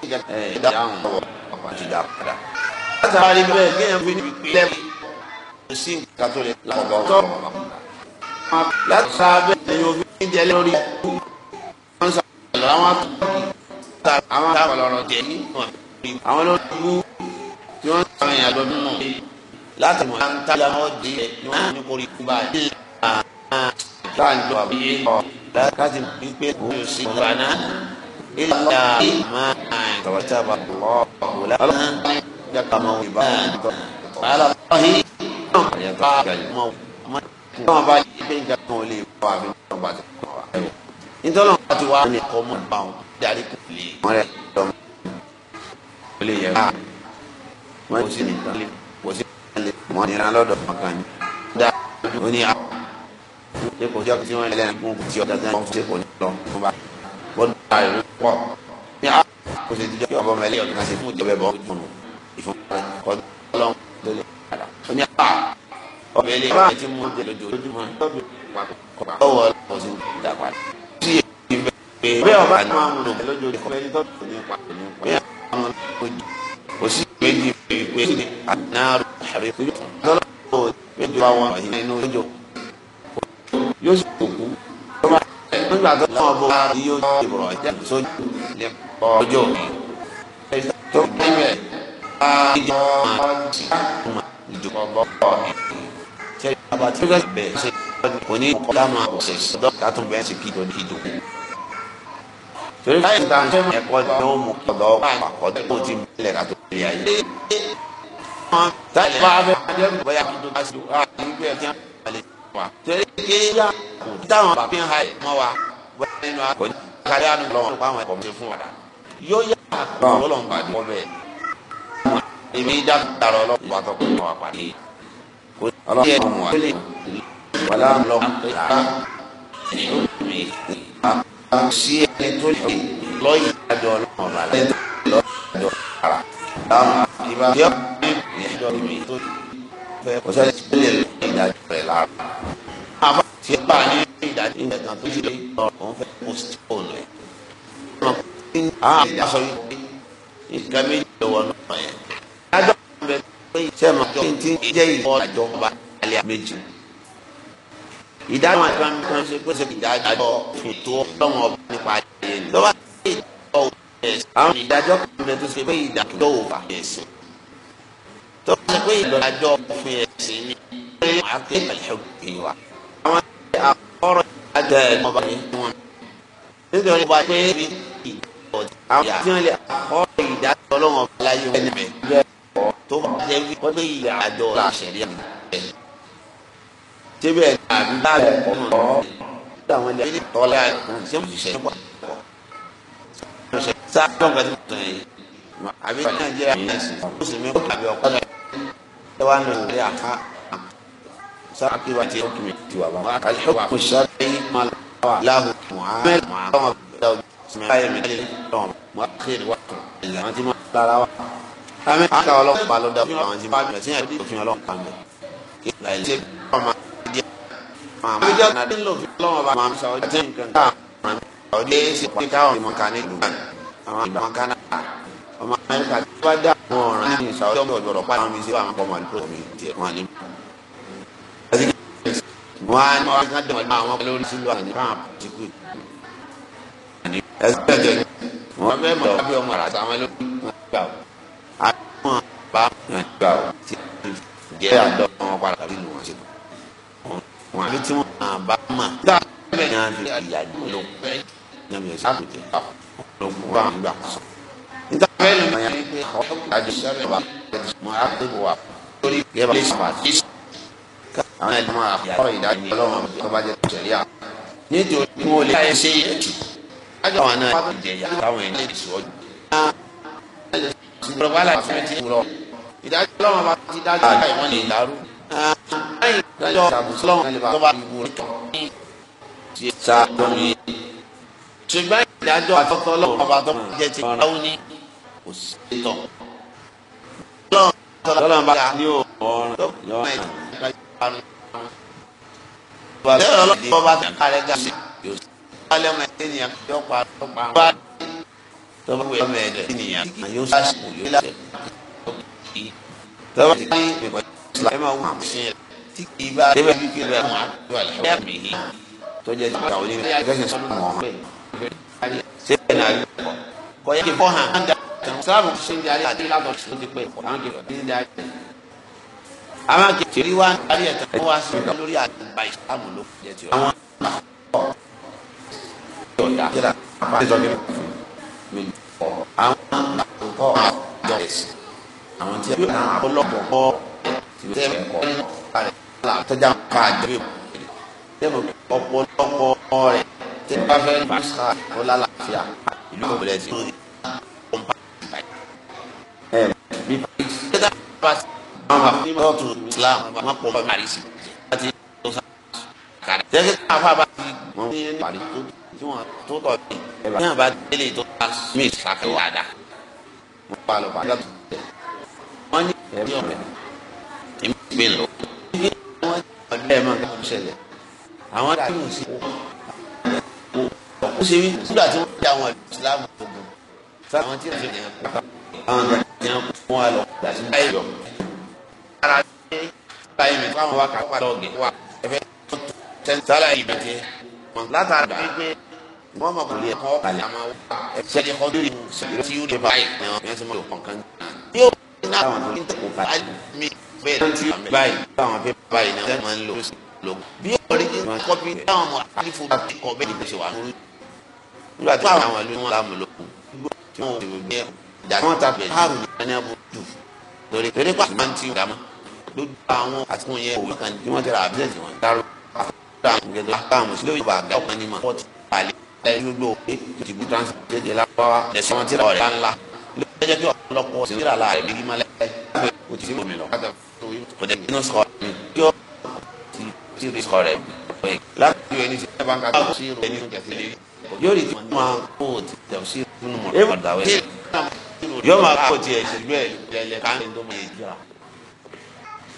látàrí bẹ́ẹ̀ kéèyàn fi ní ìpínlẹ̀ kò sí nǹkan tó lè lọ́wọ́ tó látàrí bẹ́ẹ̀ kéèyàn fi ní ìjẹ́ lórí wọn sọ lọ́wọ́ àwọn tó àwọn tó lọ́rọ̀ jẹ́ ní àwọn lórí ibú tí wọ́n sọ àwọn èèyàn lọ bí mọ̀ láti mọ̀ láti tàbí àwọn òdì ẹ̀ ni wọ́n ní kórìí kú báyìí láti lọ àbí láti mọ̀ wípé òun yóò sí ilà máa tọ̀wọ́tàbà lọ́wọ́ lọ́wọ́ yàtọ̀ àwọn ìbá alábàáhí yàtọ̀ àgbàyẹ̀mọ́ wọn bá yí pé nǹkan kan ò lè bọ́ àbí wọn bá ti kọ́ wa. nítorí wọn ti wá ní ẹ̀kọ́ mọ́ bá wọn darí kò àìrí pọ̀ ní a kò sì tijọ́ yọ̀ bọ́ mẹ́lẹ́ ọ̀dún náà sì fún ìjọba ẹ̀bọ̀ ojú nù ìfúnpẹ́ a ọbẹ̀ ilé ọba ti mú jẹ lójoojúmọ́ ọwọ́ ọlọ́run sì ń dà padà. sí ìbẹ̀ pé bẹ́ẹ̀ ọba ni wọ́n mú lò lójoojúmọ́ ẹni tó tó ní ipa tó ní ipa bẹ́ẹ̀ àwọn ojú kò yóò sì ọlọ́wọ́ bó wá yóò ṣe bọ̀ ọjà sójú lè pọ̀ ọjọ́ tó bẹ̀rẹ̀ á ìjọ máa ti máa dùkọ̀ bọ̀ ọ̀ ṣe ìjọba tí wọ́n bẹ̀ ṣe òní kọ́ dá máa ṣe sọ́dọ̀ kátó bẹ́ẹ̀ ṣe kíjọ ní ìdòkú. torí káyọ̀ tá à ń ṣe mọ̀ ẹ̀kọ́ ni ó mú kọ́ lọ́wọ́ àpapọ̀ tó ti bẹ̀rẹ̀ kátó bẹ̀rẹ̀ ayé. táyà bá a bẹ̀ bọ́yá kí n tó bá ṣe wá nígbà tí wọ́n bá lè wá. torí kí táwọn bàbá ń ha ẹ̀ mọ́ wa wẹ́n nínú àgbọ̀ ní kárí àánú lọ́wọ́ nípa àwọn ẹ̀kọ́ mi fún wa yóò yá àkọ́ lọ́wọ́ nípa àdúgbò bẹ́ẹ̀. èmi dábàá lọ tó kọ́ wa pàdé kò sí ẹ̀ ọ̀hún wa wàlá lọ ká sí ẹni tó lè lọ́yìn àjọ ọlọ́run ọ̀la lọ́yìn àjọ ara láwọn àbíbá àjọ rẹ̀ lára. àbá tí ìdájọ́ ìyẹn kan tó ti lé ọ̀rọ̀ fẹ́ post fóònù ẹ̀. àwọn àṣọ ah. yìí nǹkan méjì ló wọ náà yẹn. adájọ́ kan bẹ pé iṣẹ́ máa jọ ti ń jẹ́ ìwọ àjọ ọba alẹ́ méjì. ìdájọ́ àti wọn kan ṣe pé ṣe ìdájọ́ fún tó lọ́wọ́ ọba nípa ayé ni. lọ́wọ́ ìdájọ́ ẹ̀sìn àwọn ìdájọ́ kan bẹ tó ṣe pé ìdájọ́ òfà ẹ̀sìn. tó bá ṣe pé ìdájọ́ ọ̀rọ̀ àti ọba yẹn wọn nítorí wọ́n pé ibi ìdí àwọn tí wọ́n lè ọ̀rọ̀ ìdájọ́ ọlọ́wọ́n láyé wọn ẹni bẹ́ẹ̀ tó bá jẹ́ wí wọ́n lè yà àjọ àṣẹrí àmì bẹ́ẹ̀ síbẹ̀ àbí bá bẹ̀ kọ́ mọ̀ àwọn ilé ayé tọ́lá ṣé mo ṣiṣẹ́ nípa sáà lọ́n kan tí mo sọ yẹn àbí nàìjíríà yẹn sì mùsùlùmí kọ́ àbí ọ̀kọ́ náà ẹ wá nù lórí àká. عاقبة حكمه وما الحكم الشرعي ما له معامل معامل معامل من الحكم مؤخر وقت إلا أنت ما لا àmì àkà ọlọ́run pa ló dá fún àwọn ìjìnbá àmì ẹ̀sìn ẹ̀dí òfin ọlọ́run pa mi. ìlà ìṣe ọmọ ìdí àmì ìjọ náà nílò òfin ọlọ́run bá máa ń sọ ọjọ́ tí nǹkan ká àwọn ọdẹ ṣe pé káwọn ìmọ̀ ká ní ìlú àwọn ìgbà wọn kánà ọmọ amẹ́ríkà tí wọ́n dá àwọn ọ̀ràn ní ìṣàwọ́jọ́ ọ̀gbọ̀rọ̀ pàdánù mi sí àwọn ọmọ àdúgbò mi tiẹ̀ wọn ní wọn á ní wọn kàn dẹ̀wọ̀n ní àwọn lórí sílù àní pamp dìgbò ẹsẹ̀ tẹ̀lé wọn fẹ́ mọ̀ lábẹ́ ọmọ rà sáwọn lórí wọn gbà ó àwọn bá wọn gbà ó ti jẹ́ àdọ́ wọn padà tàbí lù wọn sílù wọn àbí tí wọn náà bá mà dá bẹ́ẹ̀ ni wọn fi ìyá dùn ló pẹ́ ní ọmọ ẹ̀sìn àti ìjẹ́ lókun wọn gbà sọ. níta bẹ́ẹ̀ ni wọn yà ní pé ọkọ̀ àjọṣẹ́ rẹ̀ wà mọ́ àtẹ̀wọ̀ àwọn ẹni máa kọ́ ìdájọ́ ọlọ́run tó bá jẹ́ sẹ̀ríà nítorí wọn ò lè ṣe é jù ájọ àwọn náà wọ́n jẹ ìyá táwọn ẹni lè sọ jù. ìjọba wàhálà ìfẹ́ ti rọ ìdájọ́ ọlọ́run bá ti dájọ́ ọlọ́run ìwọ́n lè dàrú. ìdájọ́ ọlọ́run tó bá ìwò rẹ̀ tọ́ ti sa lórí. ṣùgbọ́n ìdájọ́ àtọ́tọ́ ọlọ́run bá tọ́ jẹ́ ti ọ̀rọ̀ ní kò sí tọ̀. ọlọ́run bá ní òòrùn tó yọ ẹ̀ bàbá yẹn lọ bọ́ bá tẹ̀ka rẹ̀ ga sí yóò sọ alẹ́ ọmọ ẹ̀dẹ́ nìyà yọ pa yọ pa wá tọ́ba wẹ̀ ọmọ ẹ̀dẹ́ nìyà yóò sọ àṣìkò yóò sẹ̀ tọ́ba ti ní ìpẹ̀kọ́ ìsìlá ẹ̀ máa wù a débẹ̀ bí kí ẹ̀ àwọn akẹ́kẹ́ wa ń darí ẹ̀tàn kó wá sí ọ̀dọ́ lórí àgbà ìsìlámù ló fi jẹ́ ti ọ̀dọ́. àwọn akọ̀ ọ̀dà kíra apá ìsọ̀kí mi kọ̀ àwọn akọ̀ ọ̀dọ̀ ẹ̀sìn àwọn tí wọ́n náà ọlọ́pọ̀ kọ́ tìbẹ̀ tẹ́ ẹ̀kọ́ rẹ̀ tọ́jà ká jẹ́ tẹ́lẹ̀ ọ̀pọ̀lọpọ̀ rẹ̀ tẹ́ bá fẹ́ ní pàṣẹ ọlálàáfíà ìlú ọ̀bẹ̀rẹ̀ sí ọ̀hún. ẹ bí pàṣẹ àwọn àfihàn ọ̀tún Islam wọn pọ̀ bá parí sí láti tó sá kàrí. jẹ́kí ká fà bá ti wọ́n ní parí tó tí wọ́n tó tọ̀ bí ẹ̀rọ náà bá délé tó bá mí ìsàkẹ́ wà dá. wọ́n bá lọ bá dá tó tẹ̀. wọ́n ní ẹ̀rí ọ̀rẹ́ ìmú ìgbé lọ. wọ́n ọ̀dọ́ ẹ̀ máa ń kọ́ ṣẹlẹ̀. àwọn dàbí mò ń sí ó ṣe wí nígbà tí wọ́n ti àwọn ìsìlámù gbogbo sáwọn tí wọ́n ti àwọn ìsìlámù fún wa lọ ara ní láyé mi fáwọn wa kà pàdé ọ̀gẹ̀ wa ẹ̀fẹ̀ tó tẹ̀sán láyé mi tiẹ̀ látara gbígbé wọ́n mọ̀ kòlì ẹ̀kọ́ kàlẹ́ àmọ́ ṣẹlẹ̀ kọ́ lórí ṣẹlẹ̀ tí yóò dé báyìí ni wọ́n fẹ́ẹ́ sọ́mọ́ ìwọ̀n kan náà. yóò ní àwọn tó ń tẹ̀kọ̀ báyìí mi bẹ́ẹ̀ tí yóò báyìí báwọn fẹ́ báyìí náà wọ́n máa ń lò lò. bí ọ̀rẹ́ ti máa kọ́ bí táwọn ọmọ àlìfo bá ti kọ́ bẹ́ẹ̀ ni ṣe wà lórí. nígbà tí àwọn àlọ́ wọn láàmú lò kù tí wọ́n ti gbé ẹ̀kọ́ lójú àwọn àtúntò yẹn òwe kan tí wọ́n ti ra àbísẹ̀tì wọn dáró àfọwọ́dà gẹ̀dọ̀ àkàmù sílẹ̀ òyìnbó àgbà ọ̀kan ní mọ̀ fọ́tì àlẹ́ ẹ̀yìn lójú òwe ti bú transjẹ́jẹ́ lápáwá ẹ̀sìn wọn ti ra ọ̀rẹ́ ńlá lójẹ́ kí ọ̀pọ̀lọpọ̀ sí ra láàrẹ̀ bí gímálẹ̀ kò tí mo mi lọ kò dẹ̀ bínú sọ mi kí ọ ti rí sọ rẹ̀ láti ẹni tí ẹ bá ń ka kó sí ẹni tó jẹ sílẹ̀ yóò rí tí wọ́n máa kó ti tẹ̀ sí inú mọ̀ ọ̀dà wẹ̀ yóò máa kó tiẹ̀ sí bẹ́ẹ̀ lẹ́lẹ́ káńtì tó máa yẹ jìra.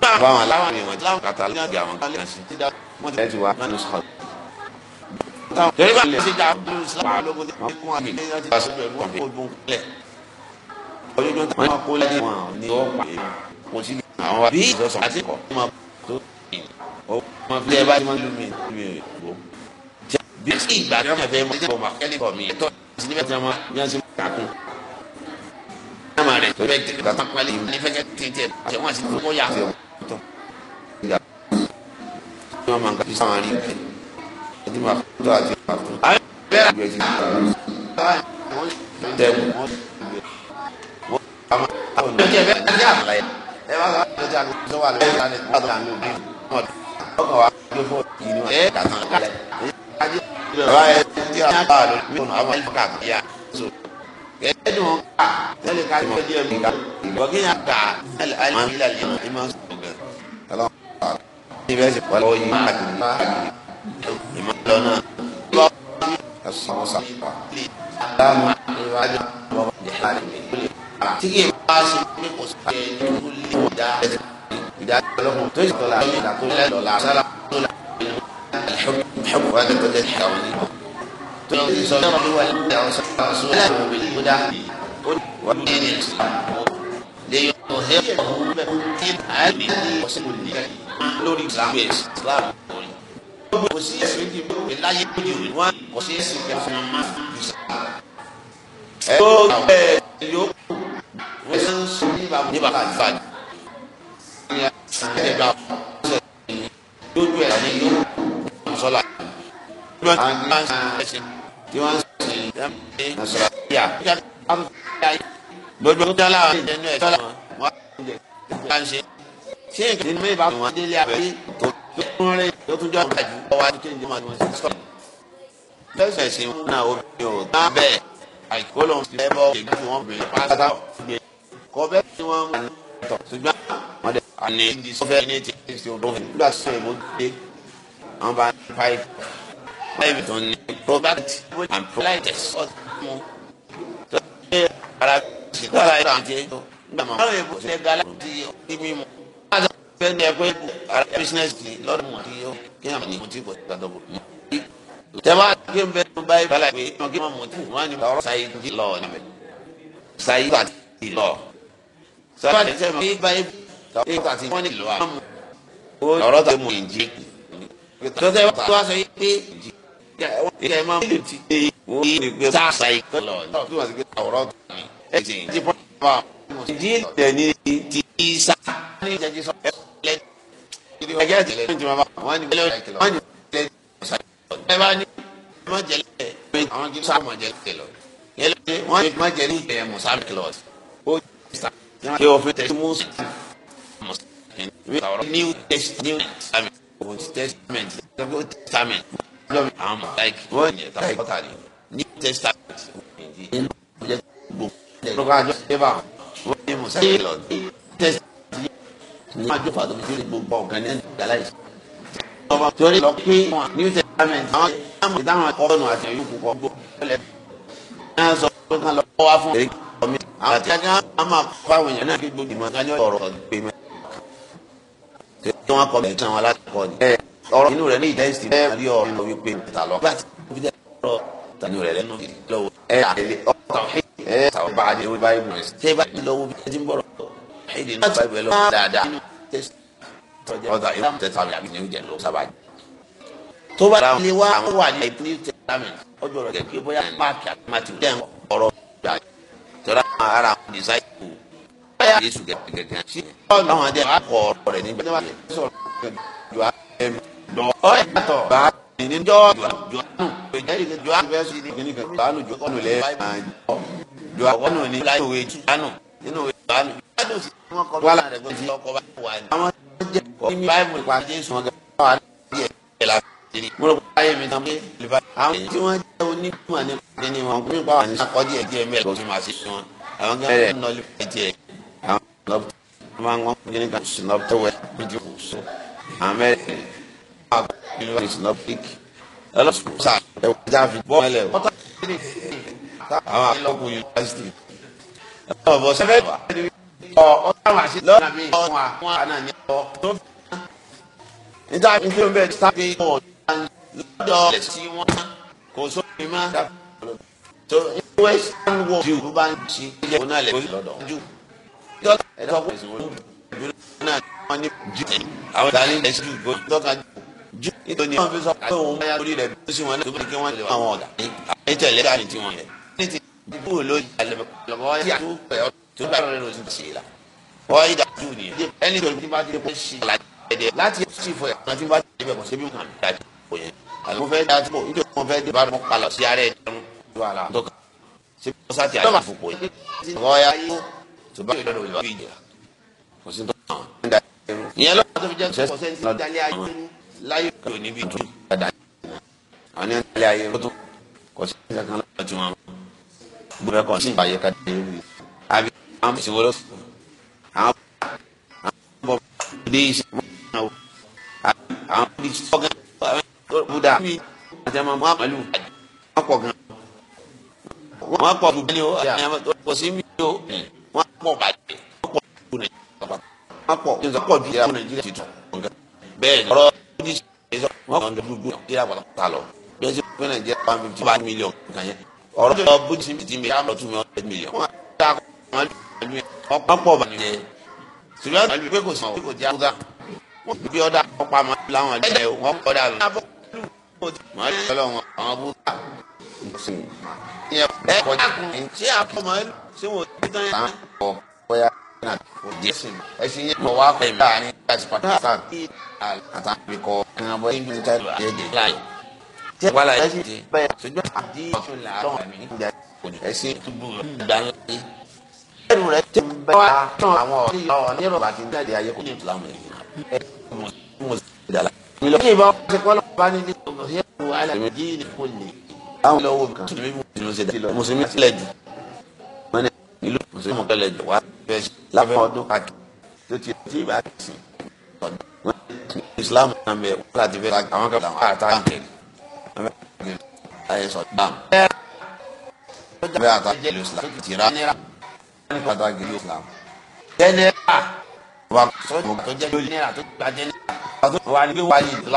báwọn aláwọ̀ ni wọ́n ti kàtà lórí àwọn kan sí. wọ́n ti wá nínú sọ̀rọ̀. torí bá lè ṣe jà abdul islam ní kún àmì láti bá sọ́jọ́ ìlú àmì ọdún kúlẹ̀. ọjọ́jọ́ tí wọ́n kó lẹ́yìn wọn ni ó pa èèyàn kò sí àwọn wa bí ìjọsọ àti kọ́ ọmọ tó yìí bí ẹ bá ti máa ń lu mi bí sí ìgbà tí wọ́n fẹ́ mọ ma ma nka fi sáwọn rí bẹ ẹni ma fún tó àti ma fún. ayé bẹ́ẹ̀ ni ìgbésí ìgbà tẹ̀wọ̀ wọ́n a ma àwọn ọ̀nà ìjẹ́ bẹ́ẹ̀ ní àbúrò yẹn ẹ bá sọ àwọn ọ̀nà ìjọ wà lórí ìlànà ìjọba tó àná òbí wọn ọkọ̀ wa yóò fọ́ yìí ni wọn ẹ kà tán kálẹ̀ ẹ ajé bàbá yẹn tí a bá lò mí kùnà àwọn ẹ̀fọ́ kàkà yà so kẹ́kẹ́ dùn ká tẹ́lẹ̀ ká ìmọ̀ díẹ̀ mi ká ìgbọ̀gẹ́yà ká ẹ̀ ìbẹ́sẹ̀ pẹ̀lú ọyìn máa dùn máa dùn ìmọ̀ lọ́nà lọ́ ẹ̀sán sàpà dáhùn ìwájú ọmọ ìjọba rẹ̀ tí kì í bá a ṣe pé kò sí ẹ̀ ní olè ìdá ẹ̀sẹ̀ ìdá ọlọ́run tó ṣe tọ́lá ìdá tó lẹ́ lọ́la sálà tó la ìlú wájú tó jẹ́ ìyàwó ní ìlú tó ṣe sọ náà ló wà ní àwọn sọ́kà sọ́kà ẹ̀rọ ìlú kó dá wọ́n ní ẹni tó lè yọ ọ̀hẹ́ ọ̀hún mẹ́kún tí àyè lórí islam yẹn islam lórí. kò sí ẹ̀sìn méjì bí wọ́n láyé lójú wọn kò sí ẹ̀sìn kí a fún ọmọ islam. ẹ ló gbẹ yòókù wọ́n ṣe ń sọ ní bàbá ní bàbá àgbà ní ẹgbẹ́ àwọn ọ̀sẹ̀ lójú ẹ̀ ní yòókù sọ́la. tí wọ́n ń sọ ní nasara yà lójú ọ̀sẹ̀ láwọn ẹ̀jẹ̀ ní ẹ̀ sọ́la wọ́n á ṣé èké ní mẹ́rin bá tún wọn délé abẹ́lé tó tún rẹ̀ tó tún jọ́ ọ̀gá jù ọwọ́ adúgbò ìjọba ni wọ́n ti sọ. lẹ́sẹ̀ sí wọn náà obìnrin ò tán bẹ́ẹ̀ àìkó lòun ti lẹ́bọ̀ èdè fún wọn bẹ̀rẹ̀ pátá gbé kọ bẹ́ẹ̀ ni wọ́n mú un tọ̀ ṣùgbọ́n wọ́n dẹ̀ àní ìdí sọ́fẹ́ ní ti ṣe ṣe nígbà sọ èmo dé bá ní pipe pipe tó ní probability and probability ọ̀tún ara ṣe tó fẹ́ ní ẹgbẹ́ ara business ni lọ́dún mọ̀ kí yóò kí àmì mo ti kọ̀ ká dọ̀bọ̀ mọ̀. tẹ́wọ́ àti ń bẹ tó báyìí balẹ̀ pé wọn kí wọn mọ̀ tí wọn ni ọ̀rọ̀ sáyé ti lọ níbẹ̀ sáyé wà ti lọ. sábà tẹ̀ sẹ́mi bí báyìí tàbí ìgbà tí wọ́n ní ìlú àmú. ọ̀rọ̀ tó mú ìjì tó tẹ́ tó wá sọ yìí pé ìjì kẹ́ ẹ máa ìdí ẹ̀ ní ti ìsà ní ìjẹ́jì sọ ẹ̀ lẹ́ ìdí ọjà tẹ̀lé ní tìmọ̀ bá wọn ní bẹ́lẹ̀ ọjà tẹ̀lé wọn ní bẹ́lẹ̀ ọjà tẹ̀lé ẹ bá ní má jẹ lẹ àwọn kí sáà má jẹ lẹ lọ yẹlẹ wọn ní má jẹ ní ẹ mùsàlùmí lọ ó sà kí o fi tẹsí mùsàlùmí new testament o testament o testament lọ́wọ́ àwọn mọ̀ láìkì wọ́n ní ẹ̀ta pọ́tà ni new testament ìdí ẹ̀ ló jẹ́ gbogbo ẹ̀ lọ́kọ́ àjọ ṣẹ́ bá wọn sẹ́yìn lọ tẹ́sí ní àjọ fàtó fi jùlọ gbogbo ọ̀gá ní ẹ̀dínláìsí. ọba torí lọ pé new testament àwọn ìdáhùn ìdáhùn akọ́nù àti ìyókù kọ́ gbogbo ọ̀lẹ́ náà sọ pé kán lọ wá fún èrè kọ́ mi àwọn àti akẹ́ á máa kọ́ àwọn èèyàn náà kí gbogbo ìmọ̀ ká ní ọ̀rọ̀ gbé mẹ́. kí wọ́n kọ́ bẹ̀ẹ́ tí àwọn alákọ̀ọ́ ni. ọ̀rọ̀ inú rẹ̀ ní ìtẹ́sí ẹ tàwọn bá a jẹ wí báyìí bùrẹ̀ ṣé bá a lọ wo bí ẹ ti ń bọ̀rọ̀ ẹ̀ẹ́dì náà bá ibẹ̀ lọ dáadáa ọ̀dà ìwà tẹ̀sán mi àbí ní oúnjẹ ló sábà tó bá dáa ni wá àwọn wà ní ìpínlẹ̀ tẹ̀sán ọjọ́ rẹ̀ kí bóyá páàkì àti màtí jẹ́ ọ̀rọ̀ gbà tọ́lá ara àwọn dìsáìkù báyà Jésù gẹ̀gẹ̀ sí ọ̀nà àwọn àti àkọ́ ọ̀rọ̀ rẹ̀ nígbà tí wọ́n do àwọn nù ní láyé òwe tù lánù nínú òwe tù lánù lánù sí wọn kọ wà láàrẹ gbọ́dọ̀ sí ọkọ bá wà ní. àwọn jẹ kọ báyìí pa jésù wọn gẹ́gẹ́ wà ní ìyẹn la ti ní. mo rò mi tán pé lèba àwọn tí wọn jẹ onímọ̀ nípa ní wọn kò ní ní akọ́jì ẹ̀jẹ̀ mẹ́rin lọ́sùn máa ṣe wọn. àwọn gẹ́gẹ́ náà lè fẹ́ jẹ àwọn lọ́pọ̀ tó máa ń wọ́n àwọn akókò yunifásitì ọ̀bọ̀ sẹ́fẹ̀ ọ̀ ọ̀ táwọn àṣẹ lọ́nà mi ọ̀ wà wọn àná ní ọ̀ tó fi hàn. níta ní fíìmù bẹ́ẹ̀ sábẹ́ ọ̀ lọ́dọ̀ ọ̀lẹ̀ tí wọ́n kò sóbi má dábàá tó western world view ló bá ń ṣe ilé ìwé náà lẹ́yìn lọ́dọ̀ ju dọ́kítà ẹ̀dá ọkọ̀ ìṣòro ìdúró náà wọ́n ní ju àwọn ju nítorí wọ́n fi sọ pé òun bá yá lórí rẹ̀ bí ó sì wọ́n náà tó bá ní kí wọ́n lè wọ́n àwọn ọ̀gá ní àyè tẹ̀lé káàdì tí wọ́n yẹ ní ti ìdìbò lójú àlùkò yàtú pẹ̀lú tó bá rẹ̀ lójú ṣe la wọ́n yìí dájú ni ẹni tó bá ti pẹ́ ṣe àlàjẹ̀dẹ̀ láti ṣì fọ ẹ̀kan tí bá ti dẹ̀ bẹ̀kọ̀ síbi mọ̀ dájú kò yẹn àlùkò fẹ́ dájú bò nítorí wọn fẹ́ dé bá wọn palọ̀ sí ara ẹ̀dẹ̀rún tó wà láwọn tó kà sí bọ́sà tí a yọ àfòkò yìí yá yó tó bá yọ lọ́wọ́ tó fi gbogbo ẹ̀kọ́ sí ìbáyé ká dé ewu àbí àwọn bọ̀ ìṣòwò lọ́sọ̀ àwọn bọ̀ dé iṣẹ́ wọn o àbí àwọn bí sọ́gán buda àti àwọn ọmọ àpẹlú wọn pọ̀ gan wọn pọ̀ gan ni o àti àwọn ọmọ sí mi o wọn pọ̀ bàjẹ́ wọn pọ̀ ju nàìjíríà wọn pọ̀ ju nàìjíríà wọn nàìjíríà ti tún bẹ́ẹ̀ ni ọ̀rọ̀ ní wọn kàn ń nàìjíríà pàtàkì lọ bí wọn ti nàìjíríà one fifty five million kan yẹn ọ̀rọ̀ tó lọ bójú sí ti mi yàtọ̀ tún mi ọ̀rẹ́ mi yẹ. wọ́n á kọ́ àwọn àlù ọ̀pọ̀ pọ̀ bá yẹn ṣùgbọ́n àlù pé kò sàn kò jẹ́ àgùdà wọ́n gbé ọ̀dà ọ̀pá máa ń láwọn ẹ̀jẹ̀ wọn kọ́ dà mí. màá lè ti tán ẹsìn yẹn mọ wá pẹ̀lú àárín àti Pakistan àtàkùn ikọ̀ ẹ̀yìn abọ́ ẹ̀yìn bíi tí wàhálà yìí ti ṣùgbọ́n àdìsù làwọn àmì ìjà ẹ̀sìn túbú gbà ń lé. ẹnu rẹ ti ń bá wa tán àwọn ọ̀nìyàn ọ̀nìyàn bàtí ń jáde ayé kò ní ìtura mọ̀ ẹ̀ mọ̀ sí ìdàlá. ìlọ ní ìbọn ṣe kọ́ lọ́wọ́ bá ní ní ọ̀hìn wàhálà mi jí ní kò lè. àwọn ìlọ́wọ́ kan mùsùlùmí mùsùlùmí ṣe dà mùsùlùmí sílẹ̀ jù. wọ́n ní ìlú mùsùlùmí kẹlẹ̀ jù wá fẹ́ láfẹ́ ọdún káàkiri tó ti ti ìbá ti sìn. Islam náà bẹ̀ wọ́n láti fẹ́ àwọn kan àwọn àtàkùn ayé sọ dam. bẹ́ẹ̀ ata jẹ́ ìlú islam tìrà nípa ata jẹ́ ìlú islam. jẹ́nẹ́rà wà sọ́jọ́ tó jẹ́ ìlú jẹ́nẹ́rà tó gba jẹ́nẹ́rà. pàtó wà ní wà ní ìlú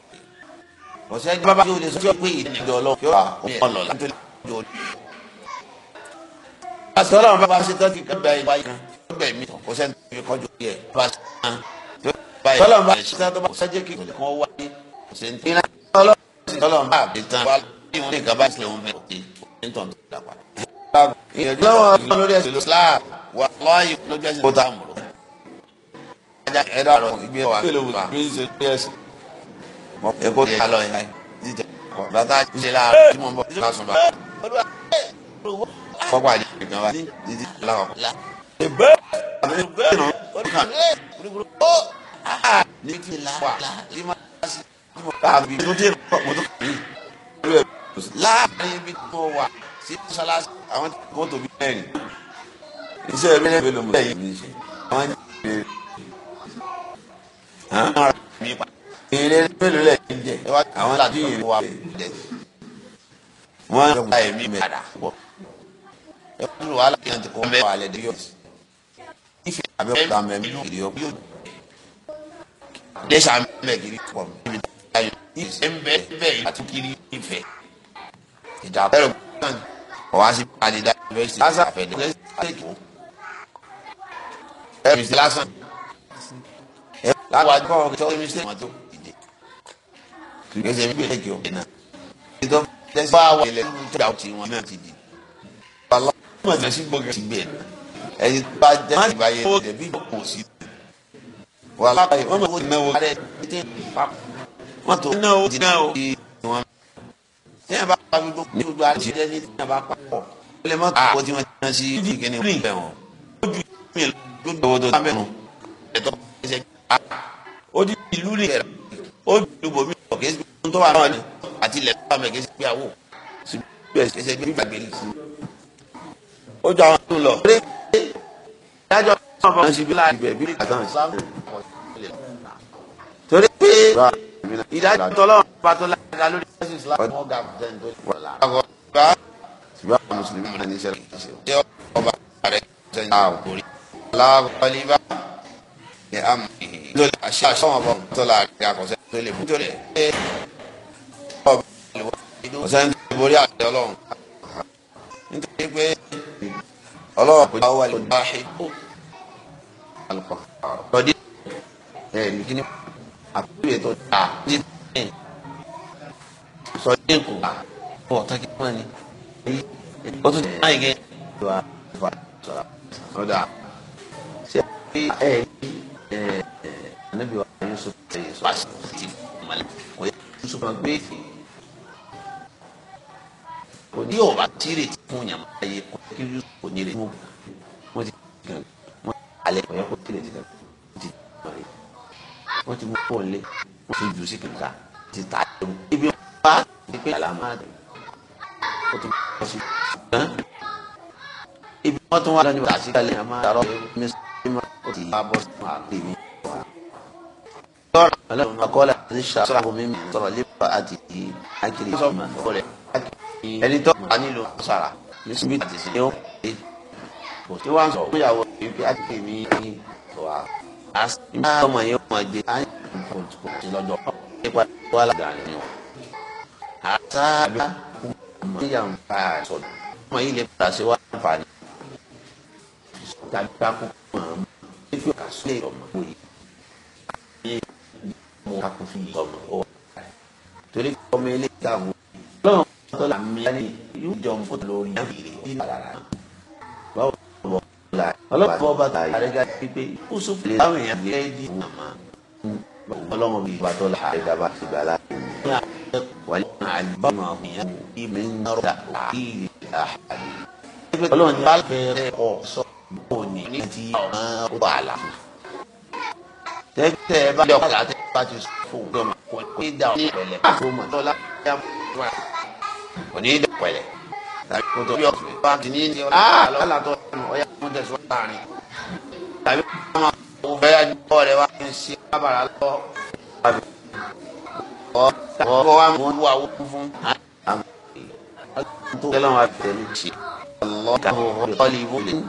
ọ̀sẹ̀ ní bàbá yóò lè sọ pé ìdájọ́ ọlọ́run yóò wà ọmọ lọ́la nítorí ìdájọ́ ọlọ́run. pásítọ̀ ọlọ́run bá ṣe tán kíkẹ́ bẹ́ẹ̀ ìwáyé kan tó bẹ̀ mí kò sẹ́ni tó fi kọjú yẹ pásítọ̀ ọlọ́run bá ṣe tán tó bá ṣẹ́jẹ́ kí kò wáyé kò sẹ́ni tó iná ọlọ́run bá àbí tán wà lóyún nǹkan bá ṣe òun bẹ́ẹ̀ òkè nítorí tó dàgbà. ìyẹ̀dú lọ́wọ́ ọlọ́run lórí ẹ̀sìn Islam wà lọ́ọ̀yì lójú ẹ̀sìn tó tà mùrọ̀. ẹ̀dá ọ̀rọ̀ ìgbéyàwó àti ìlú mọ ẹkọ ta lọ yẹn jíjẹ kọ bàtà ṣe la tí mo ń bọ ká sùn bá kọkọ àjẹ ìgbà wa jíjẹ la kọkọ. ẹgbẹ́ ẹgbẹ́ náà ó kàn ó ní kí n la wà ní ma ṣe kí mo bá mi tó dé mo tó kàn yìí láàrin ibi tí mo wà sí mọ́ṣáláṣí àwọn tí mo tóbi mẹ́rin iṣẹ́ mi lẹ́yìn mi ló mọ̀ lẹ́yìn mi ṣe àwọn jẹ́ mi èrè mélòó lẹ̀ ń jẹ àwọn ìlàjú yìí wà lẹ̀ wọ́n ń gba ẹ̀mí mi padà pọ̀ ẹ kú lù wàhálà kìí kọ́ mẹ́ wà lẹ́dí yọ̀ ife abẹ́ kúta mẹ́mí ìdí yọ̀ yóò dẹ́sà mẹ́ kiri pọ̀ mi ìṣe ń bẹ́ bẹ́ yìí àti kiri ìfẹ́ ìjà pẹ́rọ gbọ́n ọ̀wá sí àdìdá yóò ṣe gbé ẹ̀jẹ̀ ọ̀bẹ náà ìtọ́ tẹ́sí bá wà ilẹ̀ tó dà ọtí wọn náà ti di. bàlá ọmọ ìgbà sí gbọ́gẹ̀ sí gbẹ̀ ẹ̀yin bá jẹ́ má ìgbà yẹn lẹ̀ bí ìjọba kò sí. wà lápáyé wọn mọ̀ náwó kárẹ̀ tètè papọ̀ wọn tó náwó ti náwó ti wọn. tí wọn bá pa gbogbo ní gbogbo àti ìdẹ́ ní tí wọn bá pa pọ̀ ó lè mọ́ àpò wọ́n ti rán sí ibi ìkíni wọn ó dùbò mí ọ̀kẹ́ sí tó wà náà ni àti ilẹ̀ tó wà mí kìí ṣe gbéyàwó ṣùgbọ́n ẹ̀ṣẹ̀ ṣe gbígbàgbé lè sí. ó jọ àwọn tó lọ. dájọ́ náà fọwọ́n ṣe láàyè bẹ̀ bí àtàn sí. torí pé ìdájọ́ tọ́lọ́run bá tó lágbára lórí ẹ̀sìn Islam. wọ́n ga bẹ́ẹ̀ tó lè wọ̀lá. ṣùgbọ́n àwọn mùsùlùmí mọ̀ ní ìṣẹ̀lẹ̀ ìṣẹ̀lẹ̀ ọba rẹ̀ ṣẹ̀yìn àwọn kò rí ní àmì lórí àṣà àwọn ọmọ tọ́lá àgbẹ̀ àkọsẹ́ tó lè bú jọlẹ̀ ẹ ọba ìwọ ọ̀sẹ̀ ń borí àgbẹ̀ ọlọ́run nítorí pé ọlọ́run kò dáwọ́ àlè ọ̀dá ṣẹ́kọ̀ àlùkò lọ́dí ẹ̀ ní kíní àpèjúwe tó dáa ní ẹ̀ sọ dé kò wá fún ọ̀tá kí wọ́n ní ó tún ti máa ń gẹ́ ọ̀dà ṣé ẹ̀ ní anabi eh, eh, wa yusuf alayhi salatu ti mali o ye yusuf ma gbé fi kò ní yóò bá tirè tí fún yàrá ayé kò kí yusuf kò ní lè mú wọn ti gàn wọn alẹ́ kò yẹ kó tirè ti gàn wọn ti gàn rẹ wọn ti mú pọ̀ lé wọn ti jù sí kìkà ti ta ẹrù ibi wọn bá ti pé àlámà wọn ti mú pọ̀ sí gàn ibi wọn tún wà lọ́nà ìbàdàn sí kálí àmà àrọ́ mi sọ ọlọ́run máa kọ́ láti ní ṣàṣọ àwọn mímí sọ̀rọ̀ lépa àti àkìlì ìṣọ́mọ̀ ọ̀rẹ́ ẹni tó wà nílò ọ̀sára ní síbi àti sí ó pè é kò tí wọ́n sọ fúnyàwó ìpè àti mi ní ìwà àti máa ọmọ yìí lè pàṣẹ wà ń fa fi ọ̀ka sílẹ̀ ọmọ wòye yé mo kakùn fún ọmọ ọwọ́ rẹ̀ torí ọmọ eléyìí táwọn lọ́wọ́ tó là mí láyé yóò jọ nǹkó tó lórí yá fèrè bí bàrà báwo bọ̀ la ọlọ́pàá bọ́ bàtà àrẹ́gà pípé ó sọ fèrè táwọn èèyàn lé ní ìwọ̀n àmà ọlọ́wọ́n bí bàtọ́ la àrẹ́gà bá ti bàlá wàlẹ́ àlùbáwọ̀ àwọn èèyàn ìmẹ̀ ń dárò dà kí ìlà àlè ọlọ́run bá bó ni ní ó, ọ̀hún ọ̀hún àlà. tẹ́tẹ́ ẹ bá dọ̀kọ̀ àti bá ti fún un lọ́mọ kò ní da ọ̀hún pẹ̀lẹ́ kó mọ̀ lọ́la yá mọ̀ kò ní da pẹ̀lẹ́ tàbí kò tó bí ọ̀hún bá ti ní ní ọ̀la lọ́tọ̀ ọ̀yà kò tẹ̀síwájú láàrin tàbí kò máa wọ bẹ́ẹ̀ yá jùlọ rẹ̀ wá ní sí kábàrà lọ ọwọ́ wa mú wa wó fún àmì tó tẹ́lẹ̀ wọn àti tẹ̀lé ṣe ọlọ́ta ọ̀hún ọ̀lẹ́wọ̀n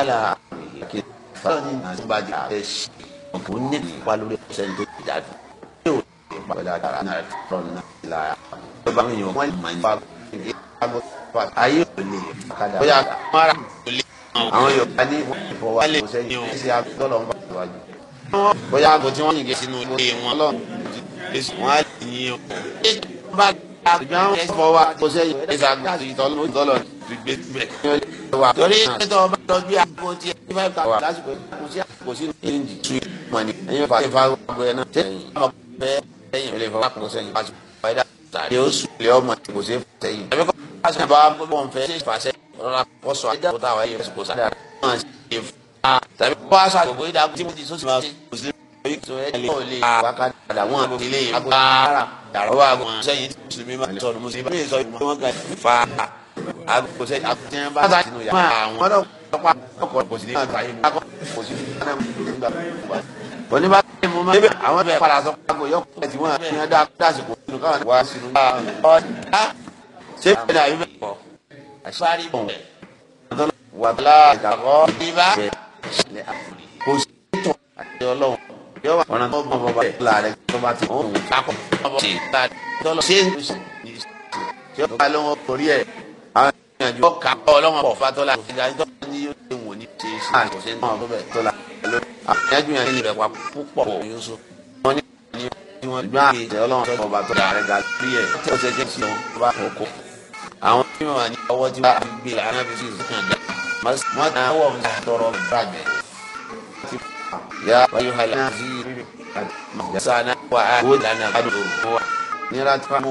ala ke fani azubadi ẹsi o ne palori ọsẹn to da do ne o de bala dara na tọn na la o ba mi yọ wọn ma ba fa a ye o le ka da o y'a mara o le àwọn yorùbá ní wọn fọ wa lè ṣe yìí ṣe àtọlọ ń bá wa jù. bóyá àgọ tí wọn yìnbọn sínú ilé wọn lọ wọn á lè yín o. ṣé bá a gbà wọn fọ wa kó sẹ́yìn ẹsẹ àgbà àti ìtọ́lọ́ ìtọ́lọ́ ni ti gbé tibẹ̀. torí ẹ̀tọ́ ọba lọ bí aago tí ẹ ní five thousand lásìkò kò sí kò sí ẹnjì tu mọ̀ ní ẹ̀yìn fà ẹ̀fà ọgbẹ́ náà sẹ́yìn ọmọ bẹ́ẹ̀ sẹ́yìn olè fọwọ́ kò sẹ́yìn fà ṣùgbọ́n sáré ó sùn lé ọmọ kò sí sẹ́yìn. ẹ̀mí kọ́ pàṣẹ bá wọn fẹ́ ṣe fàṣẹ rọra kọ́ sọ ajá àwọn ẹ̀yẹ agosẹ agosẹ bá ta sínú yàrá àwọn ọdọ ọpa ọkọ kò sí ní ìgbà yìí akọ kò sí ní ìgbà yìí. oníbà tí mo máa ń bẹ àwọn bẹ padà sọ pàgọ yọ kọ ẹtì wọn àti ẹdá dásìkò sínú káwọn wá sínú bá ṣé bẹ́ẹ̀ ni àyè bẹ bọ àṣírí bọ wàhálà ìdàgbọ ìbá kò sí ìtọ àti Ọlọ́run yọ wà ọ̀nà tó bọ̀ bọ̀ bá yẹ láàrẹ tó bá ti ọ̀hún akọ ọ̀bọ̀ ṣe ìtọ́lọ̀ ṣe ń ṣe ìṣe ìṣe ìṣe ìṣe ìṣe àwọn ìrìnàjò ọkà ọlọ́wọ́n pọ̀ fatọ́lá ìrìnàjò ní yóò ṣe wò ní ṣe é ṣe àti ṣe náà tó bẹ̀ tọ́lá lórí àwọn ìrìnàjò yẹn ní rẹ̀ wá púpọ̀ pọ̀ yóso. wọ́n ní wọ́n gbá àgbẹ̀ ọlọ́wọ́n tó bá tọ́lá rẹ̀ ga lórí ẹ̀ tí ó ṣe jẹ́ sí wọn bá kókó. àwọn tí wọ́n wà ní ọwọ́ tí wọ́n gbé anábìsí ìsúnkàndá wọ́n ta ọwọ́ mi tọrọ bàjẹ́. yà wáyé hali àti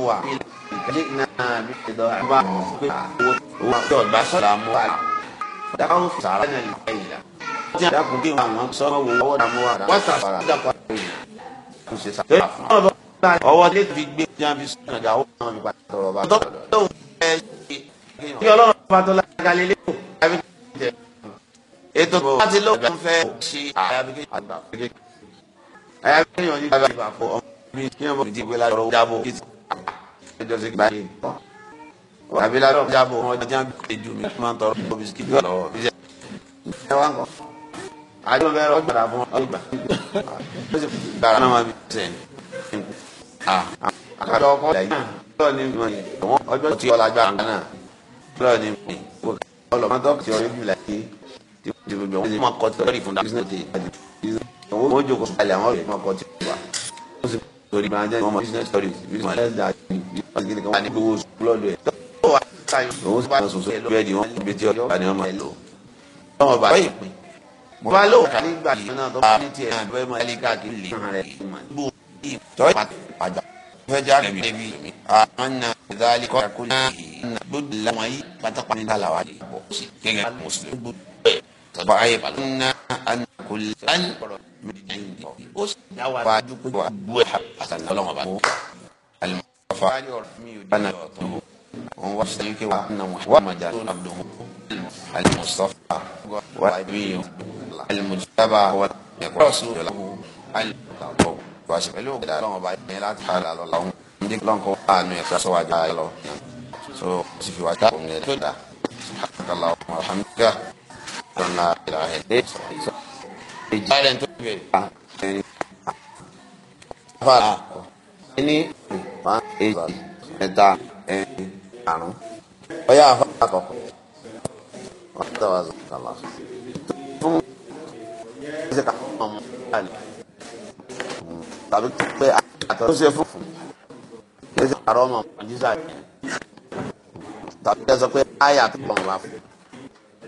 yìí jìnnà bí ẹ̀dọ́ àbá pé owó àti ọ̀gbà sọ̀rọ̀ àmú wa dáhùn sàrà náà lè fẹ́ ìlà. wọ́n ti àdàkùn kí àwọn sọ́mọ́ wo owó àmú wa wọ́n sà sàrà dàpọ̀ àìyàn. ọwọ́ ilé ti fi gbé ní àfi sọ̀rọ̀ ìgbà ó kàn fi pàtó ọ̀rọ̀ bá tọ̀rọ̀. kí ọlọ́run bá tó lágalé lẹ́kọ̀ọ́ àbí kí ètò láti lóògùn fẹ́ ṣe àyàbíkẹ́ àgbà àyàbíkẹ́ yọ̀ọ́ ẹjọ́ sí gbà yìí wọ́n àbí lábẹ́ ọjà bò wọ́n jẹ́ ìjù mi máa ń tọrọ bó bisikíìtì lọ́wọ́ bíṣẹ́ ẹ wá ń kọ́ àjọ bẹ́ẹ̀ rọ́ gbàdá fún ọ gbà ó sì gbàrà náà máa bí sẹ́yìn àkàtà ọkọ ìdáyé lọ́ọ̀ ni mo yẹ wọ́n ọjọ́ tí ọlá gbà ńlá náà lọ́ọ̀ ni mo yẹ wọ́n ọlọ́mọdọ́ tí ọ̀rẹ́ bí láyé tí wọ́n ti gbogbo wọn ni wọ́n kọ́ tí ọ̀rẹ́ ìfúnná bísí náà ti wọ́n jókòó sọ torí máa jẹ́ ọmọ business story business story da business gidi kan wà ní gbogbo oṣù lọ́dọ̀ ẹ̀ tó wà sáyẹn òun sì bá wọn sùn sókè lọ́wọ́ ẹ̀dì wọn bí tí ọjọ́ ni wọ́n máa lò ọmọ bàbá yìí mo bá lóò kà nígbà yìí náà tó bá ní tiẹ̀ náà bẹ́ẹ̀ máa lè káàkiri lè hàn rẹ̀ gbò yìí yìí pátápátá tọ́jú ayé balẹ̀. nna anakunle an mẹjọ o sì dá wa dájú pé wa gbó ẹ̀ àtàlẹ́ ọlọ́wọ́n bá. alimafa ana tó wọn wá sí ike wa ana wọn ọ̀nà ìlàhẹ̀dẹ́ ìjà rẹ̀ tó bẹ̀rẹ̀ ká ẹni fara ẹni ìfà èjì ẹ̀ta ẹni àrùn ọ̀yà àfọ̀n àkọ́kọ́ wọ́n tẹ̀ wá sọ̀rọ̀ kàlá fún ẹ̀sẹ̀ ká ọmọ àlè tàbí tó pé àtọ̀ tó ṣe fún fún ẹ̀sẹ̀ àrọ́ ọmọ àjíṣà yẹn tàbí ẹ̀sẹ̀ pé àyà tó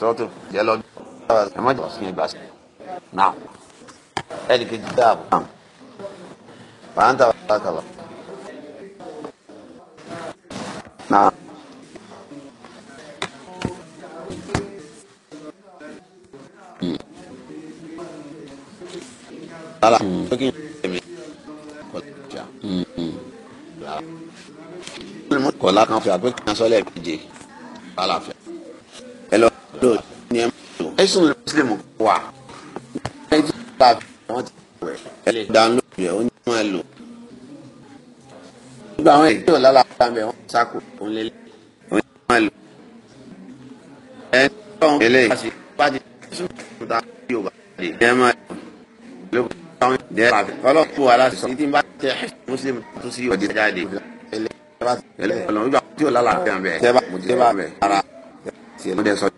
sọ́tò jẹ́ lọ́dún. ẹ má jẹ́ ọ̀sìn ìgbà sí. náà ẹnì kejì dáàbò. pàǹtà wà kàlọ́. náà. ala looking emi kọlá kọlá kan fẹ àgbẹ kan sọlẹ méje àlàáfíà ẹ̀sùn mùsùlùmù wà ẹ̀jẹ̀ bá wọn ti wẹ̀ ẹ̀ lè dánlò rẹ̀ ó ní wọn lò. gbogbo àwọn ẹ̀jẹ̀ ò lálàáfíà mẹ́ wọn sáko òun lè lè ó ní wọn lò. ẹ̀ ń tọ́ ọ̀hún eléyìí láti bá ti sùn tó ta bí o bá lè jẹ́ máa lò ló bá wọn jẹ́ pàbí. ọlọ́pù wa láti sọ títí bá tẹ mùsùlùmù tó sí òde jáde. ẹlẹ́yìn ọlọ́run gbà tí ò lálàáfíà mẹ́ tẹ́ bá mú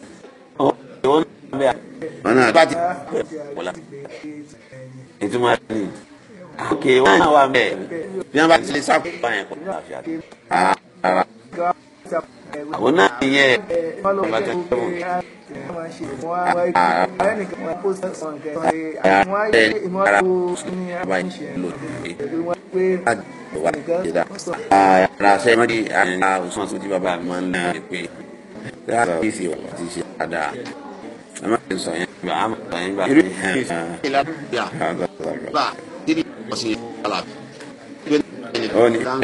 wọn bẹ ọ̀nà àbá àwọn náà ti yẹ ọba ara ọba yìí ló àyìnlá òṣùwọ̀n tó ti bàbá mi máa ń lé pé kí a sọ ti ṣe dáadáa. Ama sọ yẹn gba ama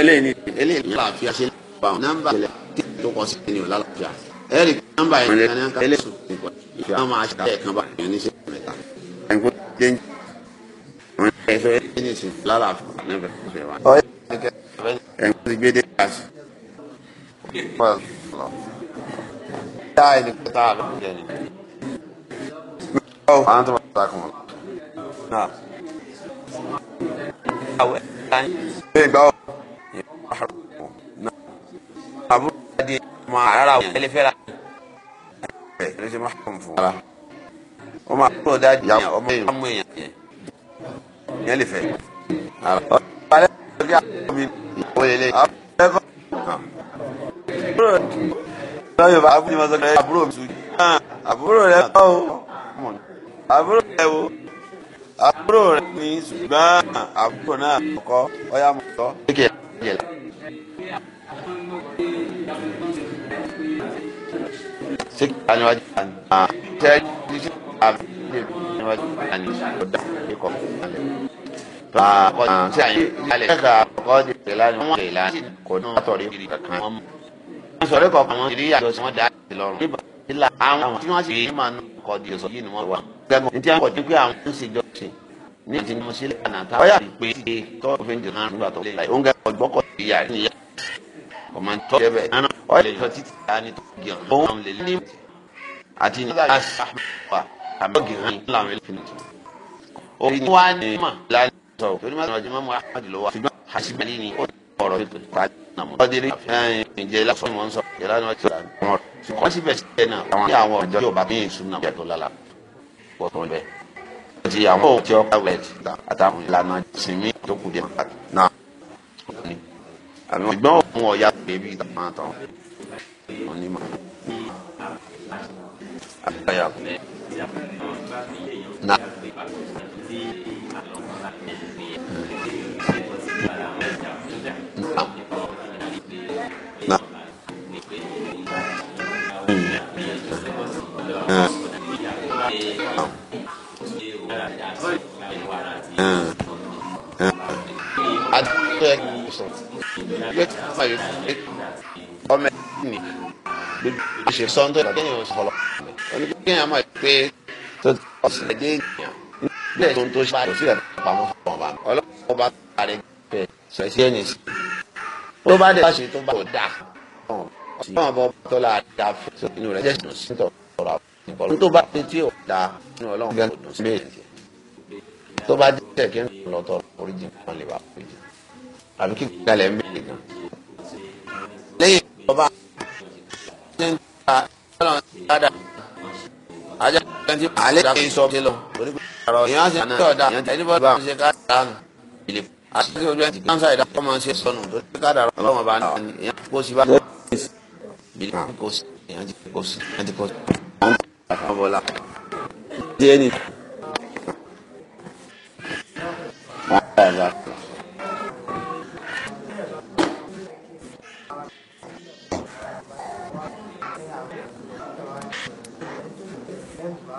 ele ele ni àlàáfíà ṣe ba o namba yẹlẹ ti to kọ si ni o lálàáfíà ele sùn nípa ìfẹ́ àwọn aṣọ ẹ̀ kan bá yẹn ní ṣe mẹ́ta. ẹnkó jẹ́ ní أنت بتاعكم نعم أو بيج أو أبو دي ما عرف اللي فيها اللي محكم فيه وما أبو ده يا أمي أمي yẹn lè fẹ. alẹ́ ọ̀gá ọ̀gá mi ò lè lè. ẹ̀kọ́ àbúrò rẹ̀ lọ́yọ̀ bá abúlé mọ́tò rẹ̀ àbúrò mi sùn. àbúrò rẹ̀ kọ́ ọ́ àbúrò rẹ wo àbúrò rẹ ní ṣùgbọ́n àbúrò náà kọ́ ọ̀yà mọ̀ tọ́. sèkì àníwájú àná sẹ́yìn títí àbí àníwájú àní ọ̀dà ikọ̀ àlẹ́ tó àkọ́ sí àyè àlẹ́ ẹ̀ka àkọ́ di ìlànà wọn ìlànà kò ní wọn tọ̀rí kankan wọn mọ̀ wọn sọ̀rọ̀ kọ̀ọ̀kan wọn ti rí àjọṣe wọn dá ìlọrun ìlà àwọn tí wọ́n ṣe é máa ń kọ́ di ọ̀sọ̀ yìí ni wọ́n wà. gbẹ̀gbọ́n ní tí wọ́n kọ̀ dín pé àwọn tó ṣe jọ ṣe ní ìdí mo ṣe lẹ́yìn àná táwọn yàrá ìpè ṣe tó fi ń dènà nígbà tó lè láì oúnjẹ ọgbọ́kọ̀ ìyá rẹ̀ nìyá ọmọ tó ṣe bẹ́ẹ̀ náà wọ́n lè yọ títí ta ni tó gẹ̀ ọ́n òun lè ní àti ní aṣọ àmọ́ àmọ́ gẹ̀ ọ́n làwọn ilé fìlẹ̀ tó. òun ni wàá wà ṣùgbọ́n àṣìbẹ́lì ni ó ọ̀rọ̀ wọ́n sì bẹ̀sẹ̀ ẹ̀ náà àwọn ní àwọn ọ̀jọ́ yóò bá ní ìsúná ìyàtọ̀ lára pọ̀ tó ń bẹ̀. ó ti àwọn òkè ọ̀ká wẹ̀ àtàwọn ìlànà ìsinmi tó kù dé náà. àwọn ìgbọ́n òun ọ̀ya bèbí ìtàkùn àtàwọn onímọ̀. náà. ọmọ ẹni gbogbo ṣe sọ́ńtò ìgbà kéèyàn ṣe fọlọ́ wọn ni kéèyàn máa pé tó ọ̀sẹ̀ dé ènìyàn nílẹ̀ tó ń tó ṣe báyìí kò sí fún ọba ọlọ́pàá ọba àrẹ gbẹ sọ sí ẹni sí tó bá dé láṣẹ tó bá kò dáa ọ̀sán ọba tó la da fún sọ inú rẹ̀ jẹ́ sùn sí tọ̀ ọ̀rọ̀ àbọ̀ tó bá dé tí ò da inú ọlọ́run gẹ́gẹ́ tó bá dé tẹ̀ kí ń lọ́tọ̀ oríjì kan lè àbí kí gbàlẹ̀ ń bẹ̀rẹ̀ gan. lẹ́yìn ìjọba ṣe ń ta ìjọba dáadáa ajá kan ti alẹ́ ìjọba yìí sọ pé lọ onígbàrọ̀ ìyá ṣe ń tọ́ da ìyá ṣe ń bọ́ bá ṣe ká dáa nù ìlẹ̀ àti ojú ẹ̀ ti káńsà ìdá ọmọ ṣe sọnù tó ṣe ká dàrọ̀ ọlọ́mọ bá náà ni ìyá kó sí bá